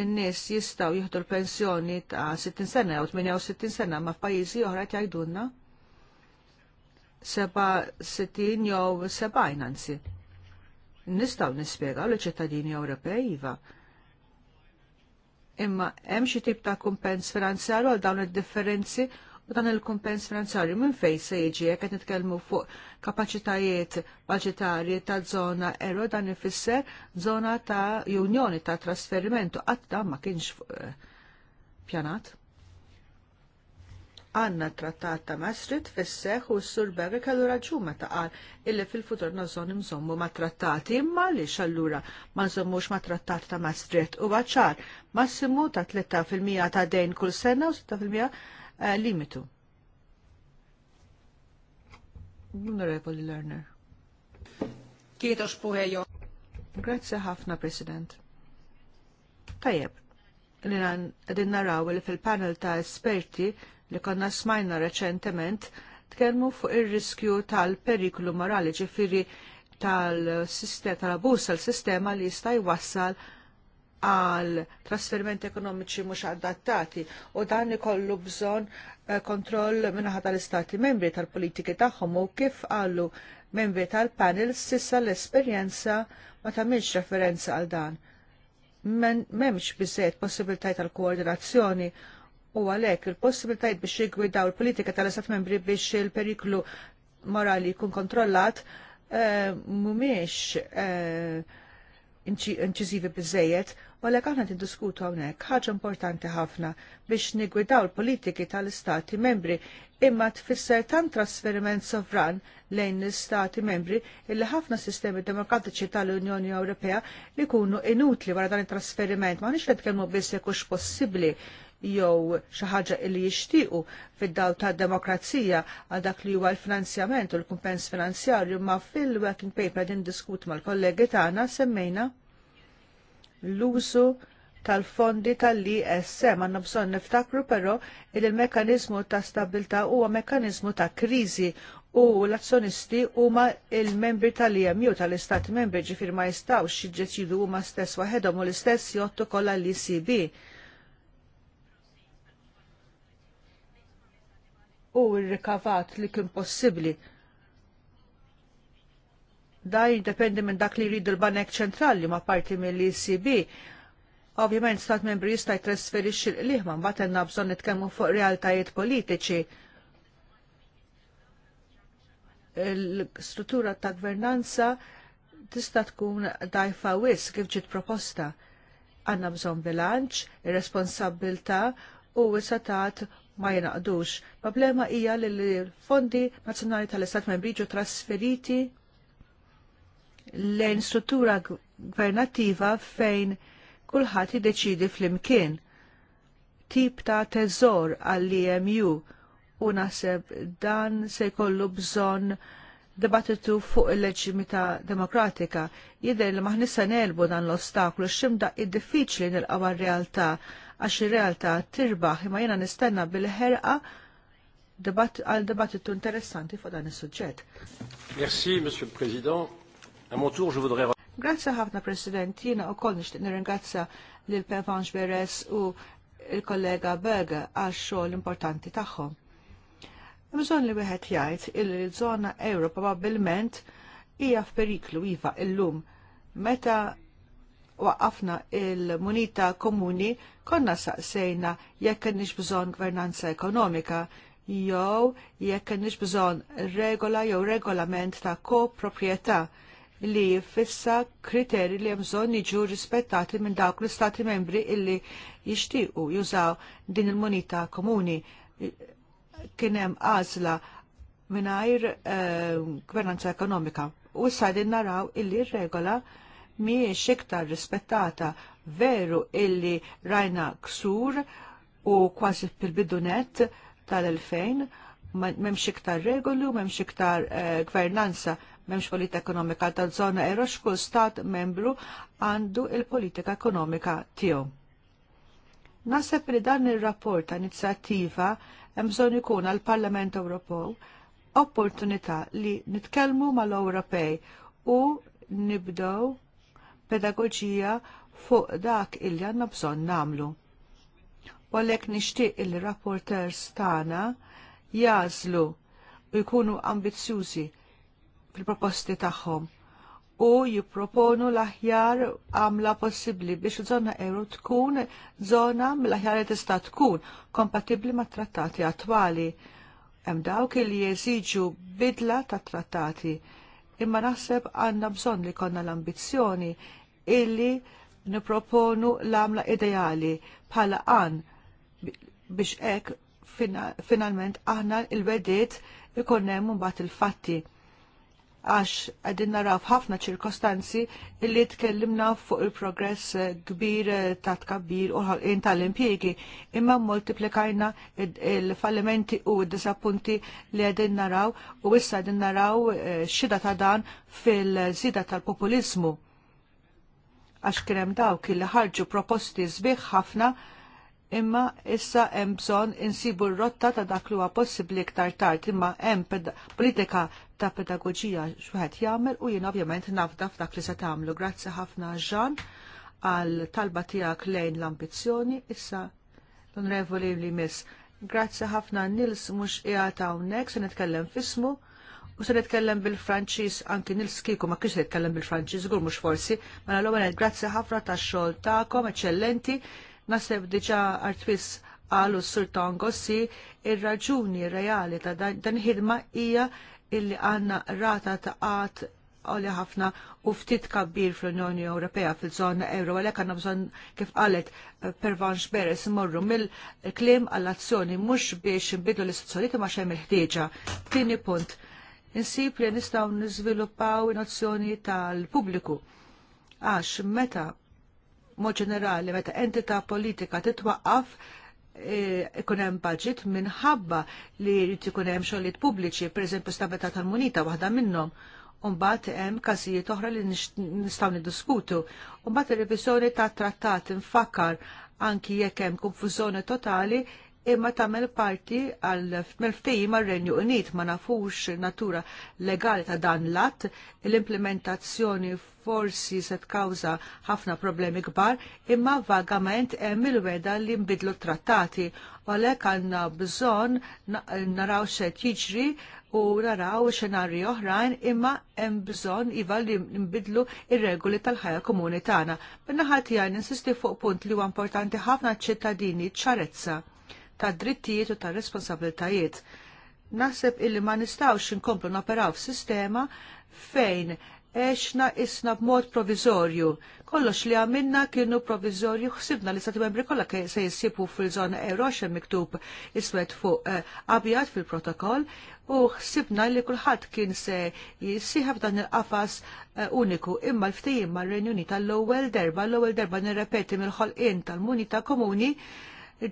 in-nies jistaw jieħdu l-pensjoni ta' 60 sena jew 68 sena ma' f'pajjiżi oħra jgħidulna seba' 60 jew 70 anzi. Nistaw nispjegaw li ċittadini Ewropej iva imma hemm xi tip ta' kumpens finanzjarju għal dawn id-differenzi u dan il-kumpens finanzjarju minn fejn se jiġi jekk qed nitkellmu fuq kapaċitajiet budġetarji ta' żona ero dan ifisser zona ta' unjoni ta' trasferimentu qatt ma kienx eh, pjanat għanna trattat ta' Masrit fisseħ u s-sur Berger kellu ma ta' qal illi fil-futur nażon imżommu ma' trattati imma li xallura ma' nżommux ma' trattat ta' Masrit u għacċar massimu ta' 3% ta' dejn kull sena u 6% eh, limitu. Honorable Learner. Kieto puħejo. Grazie ħafna, President. Tajjeb, li għedin naraw li fil-panel ta' esperti li konna smajna reċentement tkellmu fuq ir-riskju tal-periklu morali ġifiri tal-sistema tal-abus tal-sistema li jista' jwassal għal trasferimenti ekonomiċi mhux adattati u dan ikollu bżonn eh, kontroll minnaħa tal-istati membri tal-politiki tagħhom u kif għallu membri tal-panel sissa l-esperjenza ma tagħmilx referenza għal dan. M'hemmx biżejjed possibilitajiet tal-koordinazzjoni u għalhekk il-possibilitajiet biex jiggwidaw il-politika tal-istat membri biex il-periklu morali jkun kontrollat mumiex eh, mhumiex eh, inċiżivi għalek u għalhekk aħna tiddiskutu hawnhekk ħaġa importanti ħafna biex nigwidaw il-politiki tal-istati membri imma tfisser tant trasferiment sovran lejn l-istati membri illi ħafna sistemi demokratiċi tal-Unjoni Ewropea li jkunu inutli wara dan it-trasferiment. Ma nix nitkellmu biss jekk hux possibbli jew xi ħaġa li jixtiequ fid-daw ta' demokrazija għal dak li huwa l-finanzjament u l-kumpens finanzjarju ma fil-working paper din diskut mal-kollegi tagħna semmejna l-użu tal-fondi tal-ISM għanna bżon niftakru però il il-mekanizmu ta' stabilta huwa mekanizmu ta' kriżi, u l-azzjonisti huma il-membri tal-IMU tal-Istati membri ġifir ma jistawx jiġġetidu huma stess waħedhom u l-istess jottu kollha l-ECB. u rrikavat rikavat li kien possibbli. Da jiddependi minn dak li jridu l-Banek ċentrali ma' parti mill-ECB. Ovvjament stat membri jista' jtrasferixxi l-qliħma mbagħad għandna bżonn nitkellmu fuq realtajiet politiċi. L-struttura ta' gvernanza tista' tkun dajfa wis kif ġiet proposta. Għandna bżonn bilanċ, ir u wisatat ma jenaqdux. Problema hija li l-fondi nazzjonali tal-Istat membri ġu trasferiti lejn struttura gvernativa fejn kulħadd jiddeċidi flimkien tip ta' teżor għall-EMU u naħseb dan se jkollu bżonn dibattitu fuq il-leġimità demokratika. Jidher li maħnissa nelbu dan l-ostaklu x'imda id-diffiċli nilqgħu realtà realtà għax ir-realtà tirbaħ imma jiena nistenna bil-ħerqa għal dibattitu interessanti fuq dan is-suġġett.
Merci, Monsieur le Président. mon tour, je voudrais
Grazzi ħafna President, jiena u koll nishtiq nirringrazzja lil Pervanx Beres u il-kollega Berger għax xogħol importanti tagħhom. Bżonn li wieħed jgħid il-żona Ewro probabbilment hija f'periklu iva illum meta waqafna il-munita komuni konna saqsejna jekk kienx bżonn gvernanza ekonomika jew jekk kienx bżonn regola jew regolament ta' koproprjetà li jfissa kriteri li hemm bżonn jiġu rispettati minn dawk l-istati membri illi jixtiequ jużaw din il-munita komuni kien hemm għażla mingħajr eh, gvernanza ekonomika. U s-sadin naraw illi regola miex iktar rispettata veru illi rajna ksur u kważi fil-bidunet tal-2000 memx iktar regolu, memx iktar eh, gvernanza, memx politika ekonomika tal-zona ero xkull stat membru għandu il-politika ekonomika tiegħu. Naseb li dan ir-rapport ta' inizjattiva hemm bżonn ikun għall-Parlament Ewropew opportunità li nitkellmu mal-Ewropej u nibdew pedagoġija fuq dak illi għanna bżon namlu. U għalek nishtiq il-rapporters tana jazlu u jkunu ambizjużi fil-proposti tagħhom u jipproponu l-aħjar għamla possibli biex zona euro tkun zona mill-aħjar li tista' tkun kompatibbli ma' trattati attwali. Hemm dawk li jeżiġu bidla ta' trattati imma naħseb għandna bżonn li konna l-ambizzjoni illi niproponu l-għamla ideali bħala għan biex ek finalment aħna il-wedit ikonnem mbagħad il-fatti għax għedin naraw ħafna ċirkostanzi illi tkellimna fuq il-progress kbir ta' tkabbir u ħalqin tal-impjegi, imma multiplikajna il-fallimenti u d-disappunti li għedin naraw u issa għedin naraw eh, xida ta' dan fil-zida tal-populizmu għax kien hemm dawk li ħarġu proposti sbieħ ħafna imma issa hemm bżonn insibu r-rotta ta' dak li huwa possibbli iktar tard imma hemm politika ta' pedagogija x'wieħed jagħmel u jien ovvjament nafda f'dak li se tagħmlu. Grazzi ħafna Jean għal talba tiegħek lejn l-ambizzjoni issa l-Onorevoli li miss. Grazzi ħafna Nils mhux qiegħed hawnhekk se nitkellem fismu U se nitkellem bil-Franċis anki nil-skiku ma kienx nitkellem bil-Franċis, gur mhux forsi, ma mela l grazzi ħafna tax-xogħol tagħkom eċċellenti, naseb diġa' artwis għalu s-sur Gossi, ir-raġuni reali ta' dan ħidma hija illi għanna rata ta' għat għolja ħafna u ftit kabbir fl-Unjoni Ewropea fil-żona euro, għalek għanna bżon kif għalet eh, pervanx beres morru mill-klim għall-azzjoni mux biex nbidu l-istazzjoniet ma xem il-ħtieġa. Tini punt, insib li nistaw nizviluppaw nozzjoni tal-pubbliku. Għax meta, mod ġenerali, meta entita' politika titwaqqaf e, ikun hemm budget minħabba li jrid ikun hemm xogħlijiet pubbliċi, pereżempju stabeta tal-munita waħda minnhom, Umbat hemm każijiet oħra li nistgħu niddiskutu. Umbat ir-revisjoni ta' trattat infakkar anki jekk hemm konfużjoni totali, imma tagħmel parti għal mel ftehim għal renju Unit ma nafux natura legali ta' dan l-att, l-implementazzjoni forsi se tkawża ħafna problemi kbar, imma vagament hemm il-weda li mbidlu trattati u għalhekk għandna bżonn naraw xed jiġri u naraw xenarji oħrajn imma hemm bżonn iva li mbidlu ir-regoli tal-ħajja komuni tagħna. Bin-naħa tiegħi ninsisti fuq punt li huwa importanti ħafna ċittadini ċarezza tad drittijiet u tar responsabiltajiet. Naħseb illi ma nistawx inkomplu naperaw f'sistema fejn eċna isna b'mod provizorju. Kollox li għamilna kienu provizorju, xsibna li stati membri kollha se jissibu fil-żona euro xem miktub iswed fuq eh, abjad fil-protokoll u xsibna li kulħadd kien se jissiħab dan il-qafas eh, uniku imma l-ftijim ma' Renjuni tal-ewwel darba, l-ewwel darba nirrepeti mill-ħolqien tal-munita komuni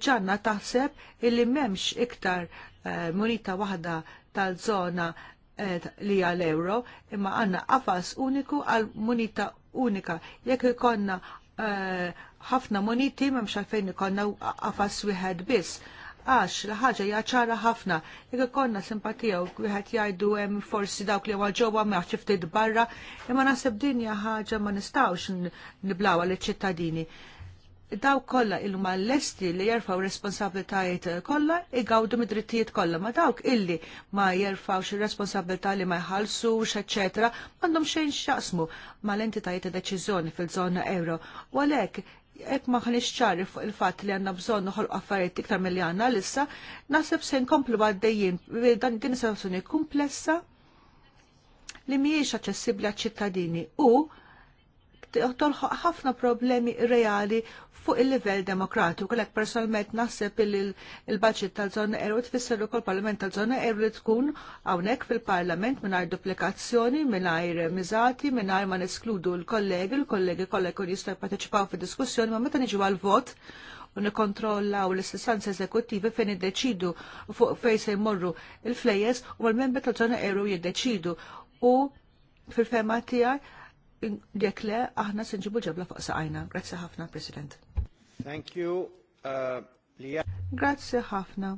ġanna taħseb illi memx iktar eh, moneta waħda tal-zona eh, li għal euro imma għanna qafas uniku għal moneta unika. Jekk ikonna eh, ħafna moniti memx għalfejn ikonna qafas wieħed biss għax l ħaġa ċara ħafna. Jekk ikollna simpatija u wieħed jgħidu hemm forsi dawk li huwa ġewwa ma xi barra, imma naħseb dinja hija ħaġa ma nistgħux niblawha liċ-ċittadini daw kollha l lesti li jerfaw responsabilitajiet kollha igawdu mid-drittijiet kollha ma dawk illi ma jerfaw ir-responsabilità li ma jħallsux eċetera għandhom xejn ma mal-entitajiet ta' deċiżjoni fil-żona euro. U għalhekk ma ħanix ċari fuq il-fatt li għandna bżonn noħolqu affarijiet iktar milli għandna issa naħseb se komplu għaddejjin dan din situazzjoni komplessa li mhijiex aċċessibbli għaċ-ċittadini u tolħoq ħafna problemi reali fuq il-livell demokratiku. Kolek personalment naħseb il-budget tal-zona eru tfisser kol parlament tal-zona eru li tkun hawnhekk fil-parlament mingħajr duplikazzjoni, mingħajr miżati, mingħajr ma neskludu l-kollegi, l-kollegi kollegi kun jistgħu pateċipaw fid-diskussjoni, ma meta niġu għal-vot u nikontrollaw l-istanza eżekutivi fejn iddeċidu fuq fejn se jmorru il-flejes u l-membri tal-zona eru jiddeċidu. U fil-fema tiegħi jekk le aħna se nġibu ġebla fuq saqajna. Grazzi ħafna, President. Thank you. Uh, Grazzi ħafna.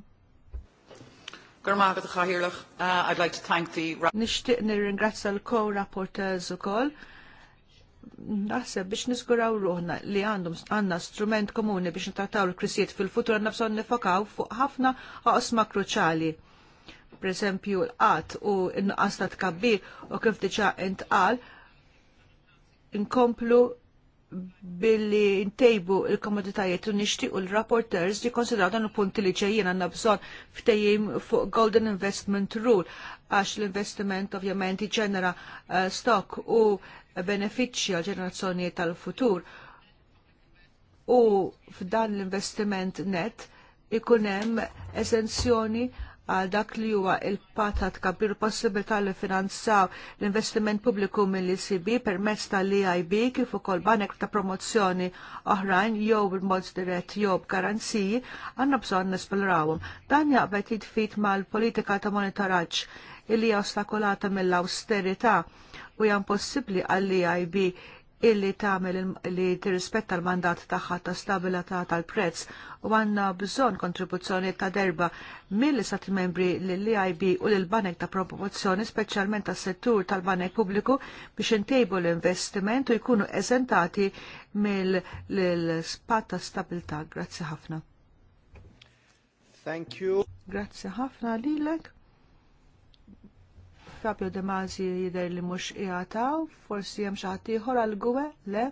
Kormaħat ħahirlaħ, uh, I'd like to thank the... Nishtiq nir-ringrazza l-co-rapporters u koll. Naħseb biex nizguraw ruħna li għandhom għanna strument komuni biex nitrattaw l krisiet fil-futur għanna bżon nifokaw fuq ħafna għosma kruċali. Per esempio, l-qat u n-nuqqas ta' tkabbir u kif diġa intqal, Inkomplu billi ntejbu il-komoditajiet u u l-rapporters li konsidraw dan il-punti li ċejjien għandna bżonn ftejjim fuq Golden Investment Rule għax l-investiment ovvjament ġenera eh, stock u beneficja ġenerazzjoni ġenerazzjonijiet tal-futur. U f'dan l-investiment net ikun hemm għal dak li huwa il-pata tkabbir possibilità li finanzaw l-investiment pubbliku mill-ECB permezz tal-EIB kif ukoll banek ta' promozzjoni oħrajn jew b'mod dirett jew b'garanziji għandna bżonn nisplorawhom. Dan jaqbet jitfit mal-politika ta' monitoraġġ illi hija ostakolata mill-austerità u hija impossibbli għall-EIB illi tagħmel li tirrispetta l-mandat tagħha ta' stabilità tal-prezz u għandna bżonn kontribuzzjoni ta' derba mill-istati membri lill-IB u l-banek ta' proporzjoni speċjalment tas settur tal-banek pubbliku biex intejbu l-investiment u jkunu eżentati mill-spat ta' stabilità. Grazzi ħafna. Thank you. Grazzi ħafna lilek. Fabio De Masi jidher li mhux jgħataw, forsi hemm xi ħadd ieħor għal gwe le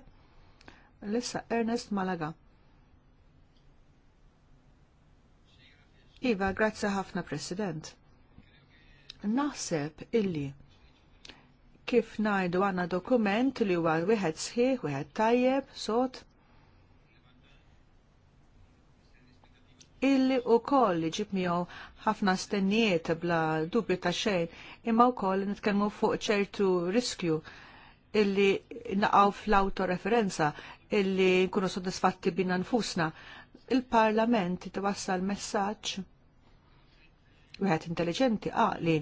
lissa Ernest Malaga. Iva, grazzi ħafna President. Naħseb illi kif ngħidu għandna dokument li huwa wieħed sħiħ, wieħed tajjeb, sod, illi u koll ġib miegħu ħafna stennijiet bla dubju ta' xejn imma wkoll nitkellmu fuq ċertu riskju illi naqgħu fl-autoreferenza illi nkunu soddisfatti bina nfusna. Il-Parlament messaċ messaġġ wieħed intelligenti għaqli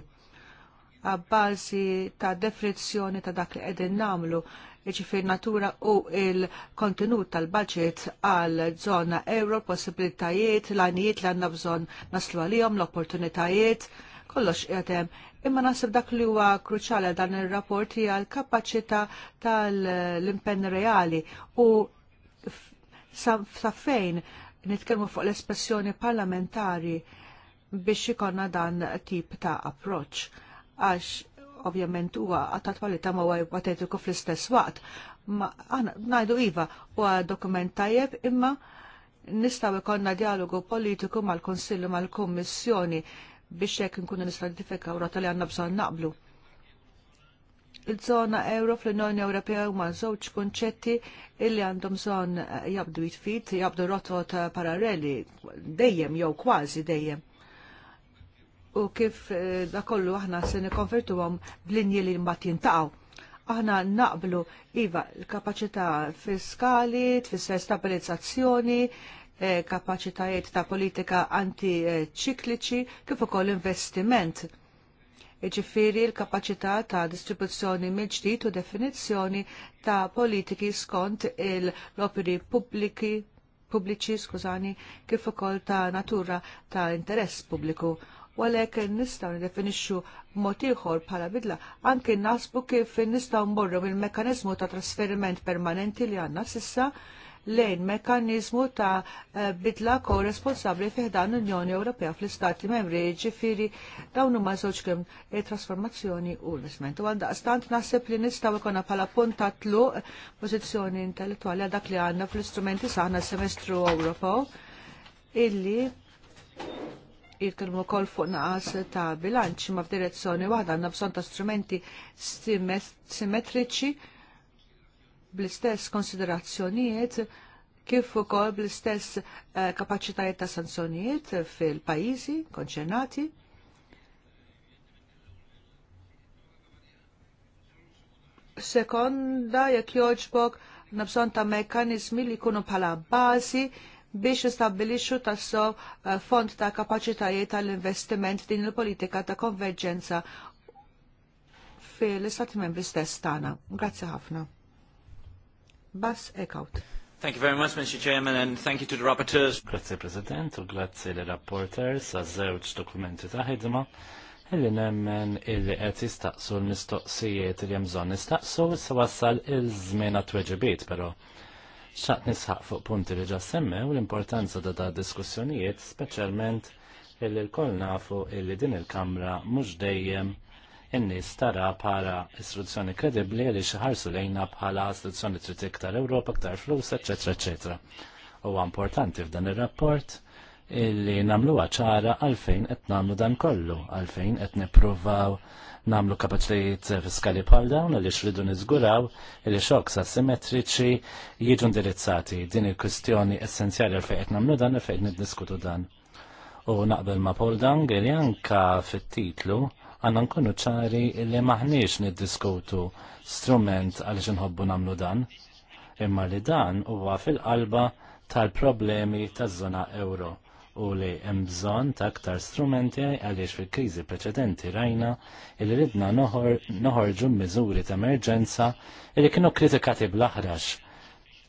għabbażi ta' defrizzjoni ta' dak li qegħdin namlu ġifir natura u il-kontenut tal-budget għal zona euro, possibilitajiet, l-għanijiet li għanna bżon naslu għalihom, l-opportunitajiet, kollox jgħatem. Imma nasib dak li huwa kruċjali dan ir-rapport hija l-kapaċità tal-impenn reali u sa fejn nitkellmu fuq l-espressjoni parlamentari biex ikonna dan tip ta' approċċ. Għax ovvjament huwa għata kwalità ma huwa ipotetiku fl-istess waqt. Ma ngħidu iva huwa dokument tajjeb imma nistgħu ikonna dialogu politiku mal-Konsillu mal-Kummissjoni biex hekk nkunu nistratifikaw rota li għandna bżonn naqblu. Il-żona euro fl-Unjoni Ewropea huma żewġ kunċetti illi għandhom bżonn jabdu jitfit, jabdu rotot paralleli dejjem jew kważi dejjem u kif eh, da kollu aħna se nikonvertu għom blinji li mbatt jintaqaw. Aħna naqblu iva l-kapacità fiskali, tfisser stabilizzazzjoni, eh, kapacitajiet ta' politika antiċikliċi kif ukoll investiment. Iġifiri l-kapacità ta' distribuzzjoni mill-ġdid u definizzjoni ta' politiki skont il-operi pubbliki pubbliċi, skużani, kif ukoll ta' natura ta' interess pubbliku u għalhekk nistgħu nidefinixxu mod ieħor bħala bidla anke nasbu kif nistgħu mmorru mill-mekkaniżmu ta' trasferiment permanenti li għandna sissa lejn mekkaniżmu ta' eh, bidla korresponsabbli fih dan l-Unjoni Ewropea fl-Istati Membri, ġifiri dawn huma żewġ kemm trasformazzjoni u l-isment. U għaldaqstant naħseb li nistgħu ikona bħala punta tluq pożizzjoni intellettwali għal dak li għandna fl-istrumenti saħna semestru Ewropew illi jitkellmu kol fuq naqas ta' bilanċ ma' f'direzzjoni wahda għanna bżon ta' strumenti simmetriċi bl-istess konsiderazzjonijiet kif ukoll bl-istess eh, kapaċitajiet ta' sanzjonijiet fil-pajjiżi konċernati. Sekonda jekk jogħġbok nabżon ta' mekanizmi li kunu bħala bażi biex istabbilixxu tasso eh, fond ta' kapaċitajiet tal-investiment din il-politika ta' konverġenza fil-Istati Membri stess tagħna. Grazzi ħafna. Bass ekawt.
Thank you very much, Mr. Chairman, and thank you to the rapporteurs. Grazie, President, u grazie li rapporteurs, għaz żewġ dokumenti ta' ħidma illi nemmen illi għet jistaqsu l-mistoqsijiet li jemżon bżonn nistaqsu issa wassal il zmena t tweġibiet pero X'aq nisħaq fuq punti li semmew l-importanza ta' da' diskussjonijiet, specialment illi l-koll nafu illi din il-kamra mux dejjem inni stara tara bħala istruzzjoni kredibbli li xaħarsu lejna bħala istruzzjoni trid iktar Ewropa, iktar flus, eċetera, eċetera. Huwa importanti f'dan ir-rapport illi namluha ċara għalfejn qed nagħmlu dan kollu, għalfejn qed nippruvaw namlu kapacitajiet fiskali bħal dawn li xridu nizguraw li xok simmetriċi jiġu indirizzati. Din il-kwistjoni essenzjali għal fejn qed nagħmlu dan u fejn niddiskutu dan. U naqbel ma' Paul Dang li anka fit-titlu għanna nkunu ċari li maħniex niddiskutu strument għaliex nħobbu namlu dan, imma li dan huwa fil-qalba tal-problemi taż-żona euro u li hemm bżonn ta' aktar strumenti għaliex fil-kriżi preċedenti rajna li ridna noħorġu miżuri ta' emerġenza li kienu kritikati bl-aħrax.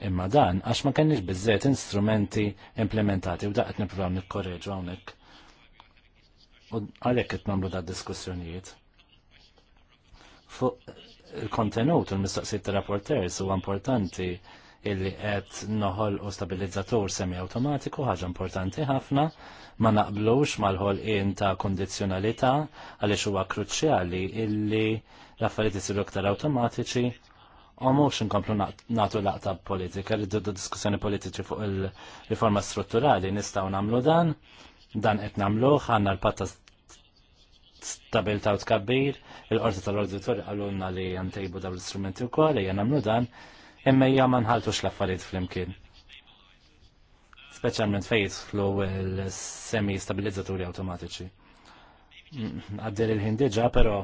Imma dan għax ma kenniġ biżżejjed instrumenti implementati u daqt nippruvaw nikkorreġu hawnhekk. U għalhekk qed nagħmlu da' diskussjonijiet. Fuq il-kontenut u l-mistoqsijiet ta' rapporters huwa importanti illi qed noħol u stabilizzatur semi automatiku ħaġa importanti ħafna ma naqblux mal in ta' kondizjonalità għaliex huwa kruċjali illi l-affarijiet isiru aktar awtomatiċi u mhux inkomplu nagħtu laqta politika li diskussjoni politiċi fuq il-riforma strutturali nistgħu nagħmlu dan dan qed nagħmluh għandna l-patta stabilta u tkabbir, il-qorti tal-auditori għallunna li jantejbu dawn l-istrumenti u koll, jgħan dan, imma hija ma nħaltux l-affarijiet flimkien. Speċjalment fejn jidħlu l-semi stabilizzaturi awtomatiċi. Mm, għaddel il-ħin diġà, però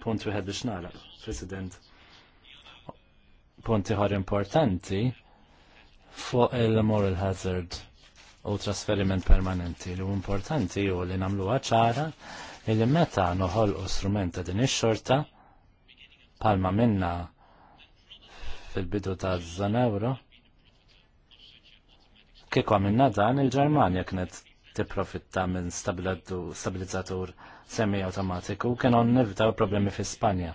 punt wieħed biex nara, President. Punt ieħor importanti fuq il-moral hazard u trasferiment permanenti li importanti u li namlu ċara li meta noħol u strumenta din ix-xorta palma minna fil-bidu ta' zona euro. Kieku għamilna dan il-Ġermanja kienet tipprofitta minn stabilizzatur semi automatiku kien on nifdaw problemi fi Spanja.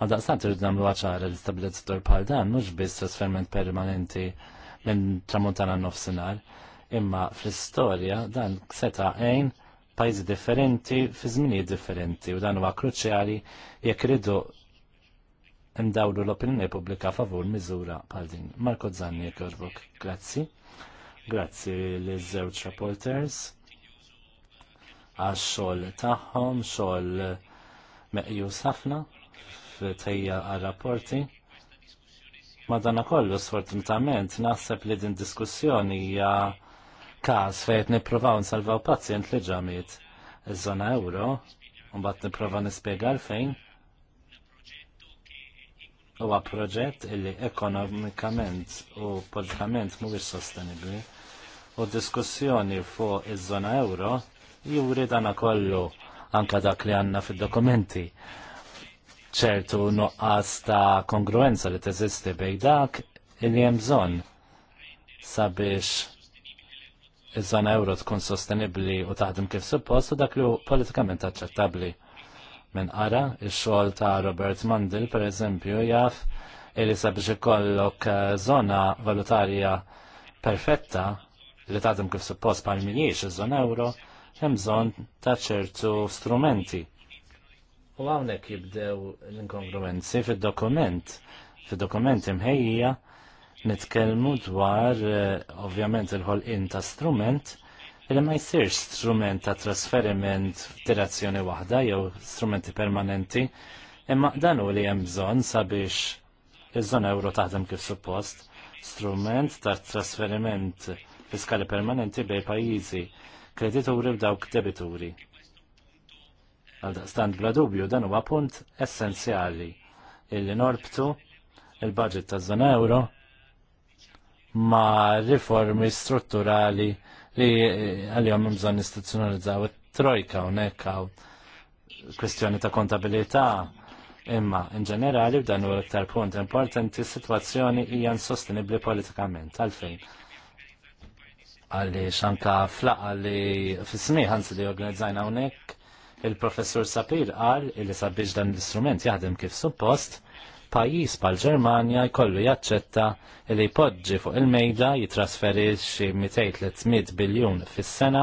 Għadda stant irridu nagħmlu għaċara l-stabilizzatur bħal dan mhux biss trasferment permanenti minn tramuntana nofsinhar, imma fl-istorja dan seta' għajn pajzi differenti fi żminijiet differenti u dan huwa kruċjali jekk iridu imdawru l-opinjoni pubblika favur miżura bħal din. Marko Zanni Korbok, grazzi. Grazzi li zewċ rapporters għax xogħol tagħhom, xogħol meqjus ħafna f'tejja għal-rapporti. Madonna kollu sfortunatament naħseb li din diskussjoni hija każ fejn niprofaw nsalvaw pazjent li ġamiet iż-żona euro, mbagħad nipprova nispjega għalfejn. fejn huwa proġett illi ekonomikament u politikament mhuwiex sostenibbli u diskussjoni fuq iż-żona euro juri dan kollu anka dak li għandna fid-dokumenti ċertu nuqqas ta' kongruenza li teżisti bej dak illi hemm bżonn sabiex iż-żona euro tkun sostenibbli u taħdem kif suppost u dak li politikament aċċettabbli. Men ara, il-xol ta' Robert Mandel, per eżempju, jaf li sabiex ikollok eh, zona valutarja perfetta li taħdem kif suppost pal miliex iż-żona euro, hemm bżonn ta' ċertu strumenti. U hawnhekk jibdew l-inkongruenzi fid-dokument. Fid-dokument imħejja nitkellmu dwar eh, ovvjament il-ħolqien ta' strument illi ma jsirx strument ta' trasferiment f'direzzjoni waħda jew strumenti permanenti, imma dan u li hemm bżonn sabiex iż-żona euro taħdem kif suppost, strument ta' trasferiment fiskali permanenti bej pajjiżi kredituri b'dawk debituri. Għal-daqstant bla dubju dan huwa punt essenzjali illi norbtu il-budget ta' zona euro ma' riformi strutturali li eh, għal-jom mżon istituzjonalizzaw it-trojka unek għaw kwestjoni ta' kontabilità imma in ġenerali b'dan u l-iktar punt importanti situazzjoni hija sostenibli politikament għalfejn għalli xanka flaqa li fissni ħans li organizzajna unek il-professur Sapir għal li sabiex dan l-istrument jaħdem kif suppost pajjiż bħal Ġermanja jkollu jaċċetta li jpoġġi fuq il-mejda xi 200-300 biljun fis-sena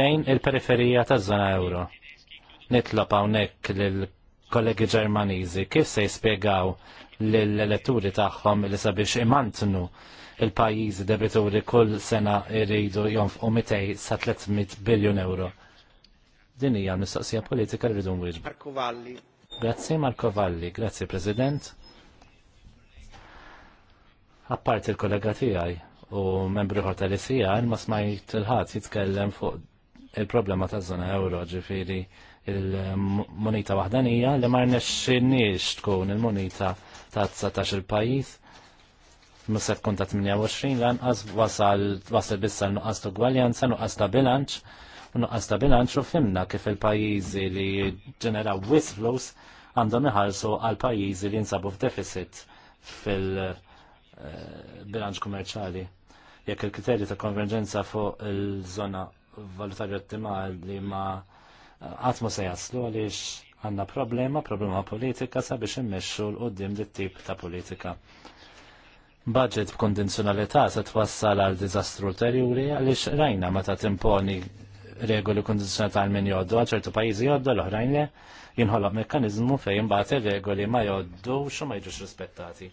lejn il-periferija taż-żona euro. Nitlob hawnhekk lill kollegi Ġermaniżi kif se jispjegaw lill eletturi tagħhom li sabiex imantnu il-pajjiżi debituri kull sena jridu jonfqu 200 sa 300 biljun euro. Din hija mistoqsija politika rridu nwieġbu. Grazzi Marco Valli, grazzi President. Appart il-kollega tijaj u membru ħor tal-ISIA, e ma smajt il-ħat jitkellem fuq il-problema ta' zona euro ġifiri il-monita wahdanija li ma rnexxinniex tkun il-monita ta' 19 il-pajis se tkun ta' 28 lanqas wasal wasal bissa nuqqas ta' gwaljanza, nuqqas ta' bilanċ nuqqas ta' bilanċu fimna kif il-pajjiżi li ġeneraw wis flus għandhom iħarsu għal pajjiżi li jinsabu f'deficit fil-bilanċ eh, kummerċali. Jekk il-kriterji ta' konverġenza fuq il-żona valutarja ottimali ma eh, għatmu se jaslu għaliex għanna problema, problema politika sabiex immexxu l-qoddim dit tip ta' politika. Budget b'kondizjonalità se twassal għal diżastru ulterjuri għaliex rajna meta timponi regoli kondizjoni tal-min joddu, ċertu pajizi joddu, l-oħrajn le, jinħoloq mekkanizmu fejn bati regoli ma joddu xo ma jġux rispettati.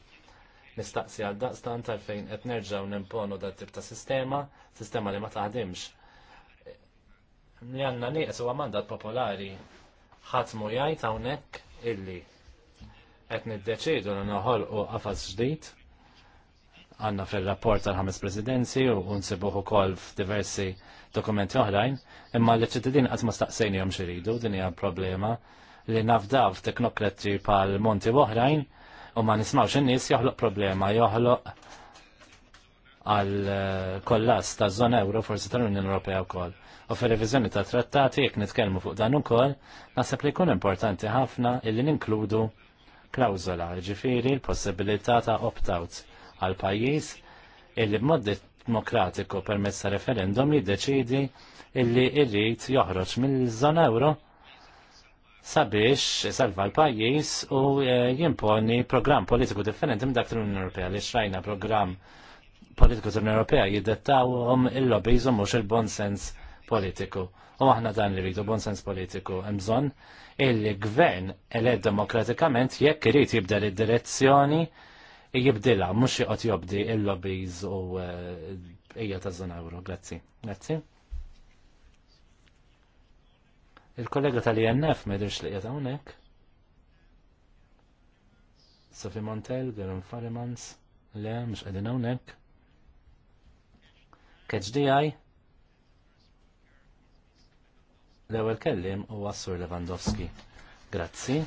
Nistaqsi għal daqstan tal-fejn qed nerġgħu nimponu dat tip ta' sistema, sistema li ma taħdimx. Li għandna nieqes huwa mandat popolari ħadd jajt jgħid hawnhekk illi qed niddeċidu li u għafas ġdid għanna fil-rapport tal-ħames presidenzi u nsibuħu kol f'diversi dokumenti oħrajn, imma li ċittadin qatt ma staqsejni jom xiridu, din hija problema li nafdaw teknokrati pal monti oħrajn u ma nismawx in-nies joħloq problema, joħloq għal eh, kollas ta' zona euro forsi tal-Unjoni Ewropea wkoll. U fir-reviżjoni ta' trattati jekk nitkellmu fuq dan ukoll, naħseb li jkun importanti ħafna illi ninkludu klawzola, ġifiri l-possibilità ta' opt-out għal pajjiż illi b'mod demokratiku permezz ta' referendum jiddeċidi illi irrid joħroġ mill-żona euro sabiex salva l-pajjiż u eh, jimponi programm politiku differenti minn dak l unjoni Ewropea li xrajna programm politiku tal-Unjoni Ewropea jiddettawhom il-lobbies u mhux il-bon sens politiku. U aħna dan li rridu bon sens politiku hemm bżonn illi gvern eled demokratikament jekk irid jibda id direzzjoni jibdila, mhux joqgħod jobdi il-lobbies u eh, ija ta' żona euro. Grazzi. Grazzi. Il-kollega tal-INF medirx li jgħata hawnhekk. Sofi Montel, Garen Farimans, le, għedin unek. hawnhekk. Keġdijaj, l-ewwel kellim huwa Assur Lewandowski. Grazzi.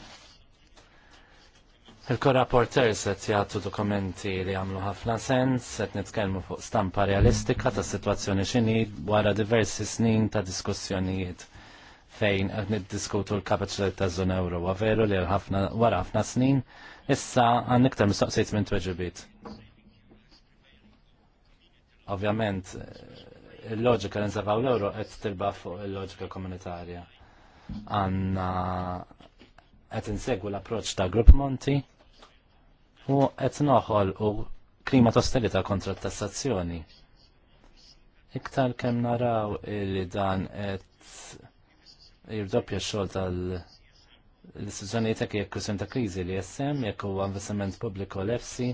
Il-korrapporter set jgħattu dokumenti li għamlu ħafna sens, set nitkellmu fuq stampa realistika ta' situazzjoni xini wara diversi snin ta' diskussjonijiet fejn qed niddiskutu l-kapaċità ta' żon euro. Wa veru li ħafna wara ħafna snin issa għan iktar mistoqsijiet minn tweġibit. Ovvjament, il-loġika li nsabaw l-euro qed tilba' fuq il-loġika komunitarja. Għanna qed insegwu l-approċċ ta' Grupp Monti, u qed noħol u klima tostilita kontra t-tassazzjoni. Iktar kemm naraw li dan qed jirdoppja xogħol tal l-istituzzjonijiet hekk jekk ta' kriżi li jessem, jekk huwa investiment pubbliku l-EFSI,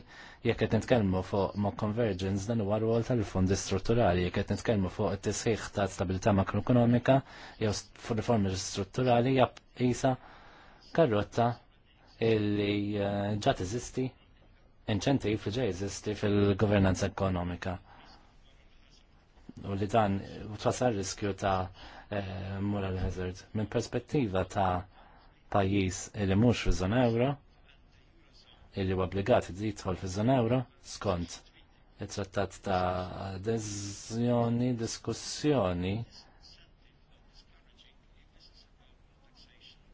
jekk qed nitkellmu fuq ma' convergence dan huwa rwol tal-fondi strutturali, jekk qed nitkellmu fuq it-tisħiħ ta' stabilità makroekonomika jew fuq riformi strutturali jaqisa karrotta illi eh, ġat teżisti inċentiv li ġej jeżisti fil-governanza ekonomika. U li dan u riskju ta' eh, moral hazard. Minn perspettiva ta' pajjiż li mhux fi żona euro, illi obbligat li jidħol fi żona euro, skont it-trattat ta' adeżjoni, diskussjoni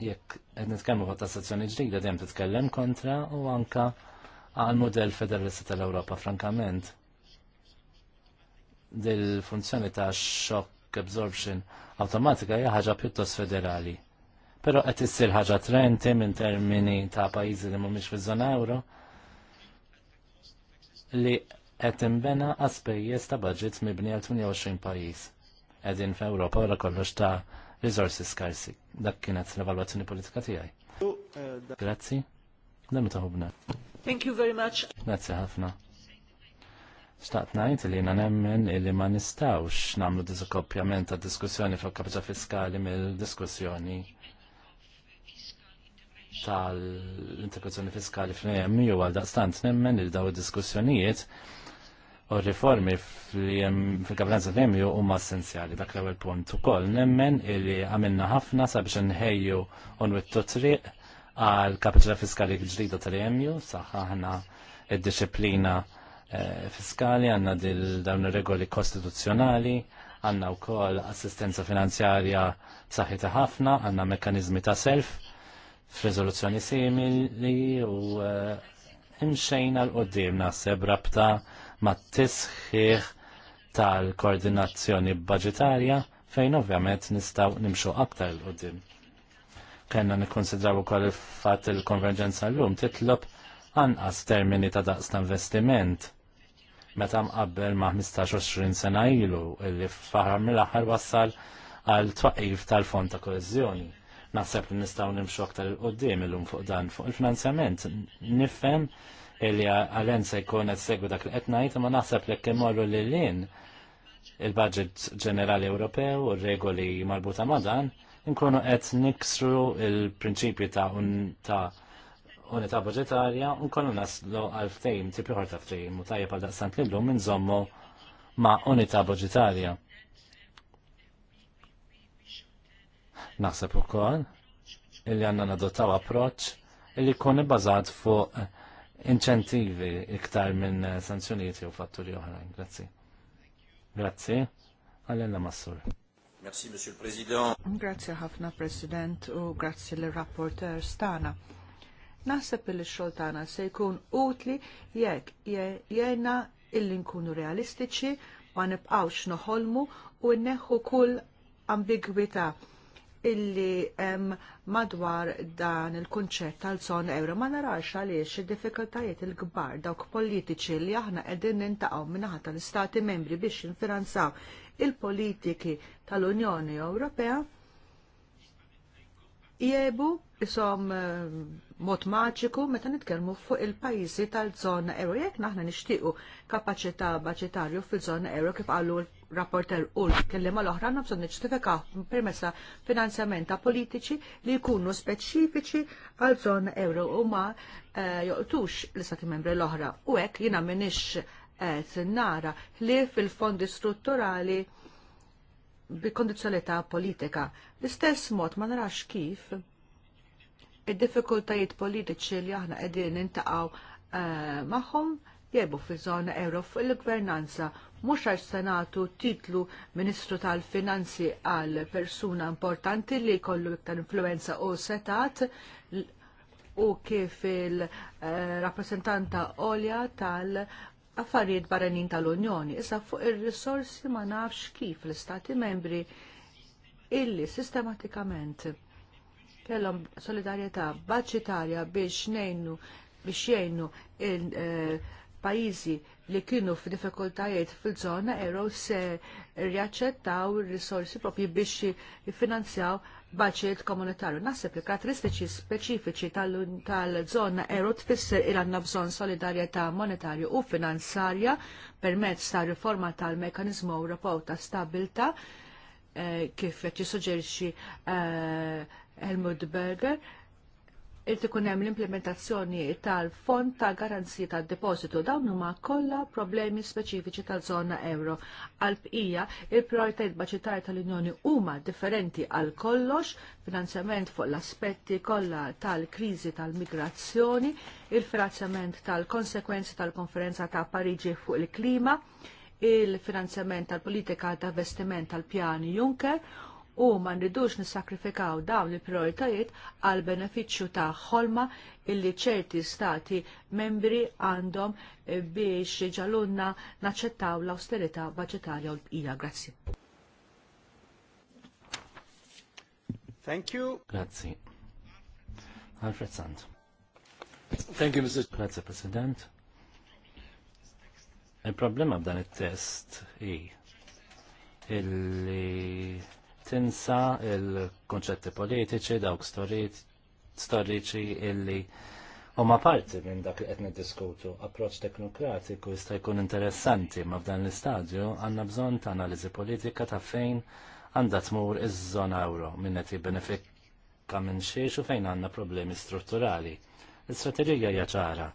jekk qed nitkellmu fuq tassazzjoni ġdida dejjem titkellem kontra u anka għal model federalista tal-Ewropa, frankament. Dil-funzjoni ta' shock absorption automatika hija ħaġa pjuttost federali. Però qed issir ħaġa trenti minn termini ta' pajjiżi li mhumiex fiż-żona euro li qed imbena għaspejjeż ta' budget mibni għal 28 pajjiż. Qegħdin f'Ewropa wara kollox ta' risorsi skarsi. Dak kienet l-evalwazzjoni politika tiegħi. Eh, Grazzi. Dan
Thank you very much.
Grazie ħafna. Staqt najt li jena nemmen li ma nistawx namlu diskoppjament ta' diskussjoni fuq kapġa fiskali mill-diskussjoni tal-integrazzjoni fiskali fl ju għal daqstant nemmen li daw diskussjonijiet u riformi fil gavranza fl ju u essenzjali dak l-ewel punt u koll nemmen li għamilna ħafna sabiex nħejju un-wittu triq għal kapitla fiskali ġdida tal-EMU, saħħaħna id-disciplina eh, fiskali, għanna dawn regoli kostituzzjonali, għanna u kol assistenza finanzjarja saħħita ħafna, għanna mekanizmi ta' self, f-rezoluzzjoni simili u eh, imxejna l-qoddim naħseb rabta ma' tisħiħ tal-koordinazzjoni budgetarja fejn ovvjament nistaw nimxu aktar l-qoddim kena nikkonsidraw ukoll il fat il-konverġenza llum titlob anqas termini ta' daqs ta' investiment meta mqabbel ma' 15-20 sena ilu illi faħar mill-aħħar wassal għal twaqif tal-fond ta' koeżjoni. Naħseb li nistgħu nimxu aktar il-qoddim illum fuq dan fuq il-finanzjament. Nifhem illi għalen se jkun qed segwi dak li qed ngħid, imma naħseb li kemm morru lil il-budget ġenerali Ewropew u r regoli marbuta ma' dan nkunu qed niksru il-prinċipju ta' un unità budgetarja nkunu naslu għal ftejm tipiħor ta' ftejm u tajjeb għal daqsant lillu minn zommu ma' unità budgetarja. Naħseb ukoll illi għanna nadottaw approċ illi jkun ibbażat fuq inċentivi iktar minn sanzjonijiet jew fatturi oħrajn. Grazzi. Grazzi. Għalella Massur. Merci, Monsieur le President.
Grazie ħafna, President, u grazie l-rapporter stana. Naħseb li xogħol tagħna se jkun utli jekk jena illi nkunu realistiċi ma nibqgħux noħolmu u nneħħu kull ambigwità illi hemm madwar dan il-kunċett tal-zon euro ma narax għaliex id-diffikultajiet il-kbar dawk politiċi li aħna qegħdin nintaqgħu minnaħa tal-istati membri biex jinfinanzaw il-politiki tal-Unjoni Ewropea jiebu isom eh, mod maċiku meta nitkellmu fuq il-pajjiżi tal-żona euro. Jekk naħna nixtiequ kapaċità baċitarju fil-żona euro kif qalu rapporter Ulf kellima l-oħra għandna bżonn permessa finanzjamenta politiċi li jkunu speċifiċi għal żona euro u ma eh, joqtux l-istati membri l-oħra. U hekk jiena minix qed nara li fil-fondi strutturali bi kondizzjonalità politika. L-istess mod ma narax kif id-diffikultajiet politiċi li aħna qegħdin intaqgħu uh, eh, magħhom jebu fiż-żona euro fuq il-gvernanza mhux għax senatu titlu Ministru tal-Finanzi għal persuna importanti li jkollu iktar influenza u setat u kif il-rappresentanta eh, olja tal affarijiet barranin tal-Unjoni. Issa fuq ir-risorsi ma nafx kif l-Istati membri illi sistematikament kellhom solidarjetà baċitarja biex nejnu biex jgħinu il-pajjiżi eh, li kienu f'diffikultajiet fil-żona ero se rjaċċettaw risorsi propri biex jiffinanzjaw baċiet komunitarju. Naħseb li karakteristiċi speċifiċi tal zona ero tfisser il għanna bżonn solidarjetà monetarju u finanzarja permezz ta' riforma tal-mekanizmu Ewropew ta' stabilta eh, kif qed jissuġġerixxi eh, Helmut Berger irti hemm l-implementazzjoni tal-fond ta' garanzija tad depositu dawn huma kollha problemi speċifiċi tal-żona euro. Għalbqija il-prioritajt baċitarji tal-Unjoni huma differenti għal kollox, finanzjament fuq l-aspetti kollha tal-kriżi tal-migrazzjoni, il-finanzjament tal-konsekwenzi tal-konferenza ta' Pariġi fuq il-klima, il-finanzjament tal-politika ta' vestiment tal-pjan Juncker u ma nridux nissakrifikaw dawn il-prioritajiet għal benefiċċju ta' ħolma illi ċerti stati membri għandhom eh, biex ġalunna naċċettaw l-austerità budgetarja u l-bqija. Grazzi.
Thank you. Grazzi. Alfred Thank you, Mr. Grazie, President. Il-problema b'dan il-test i illi tinsa il-konċetti politiċi, dawk storiċi illi huma parti minn dak li qed niddiskutu. Approċċ teknokratiku jista' jkun interessanti ma f'dan l-istadju għandna bżonn ta' analiżi politika ta' fejn għandha tmur iż-żona euro minn qed jibbenefika minn xiex u fejn għandna problemi strutturali. L-istrateġija hija ċara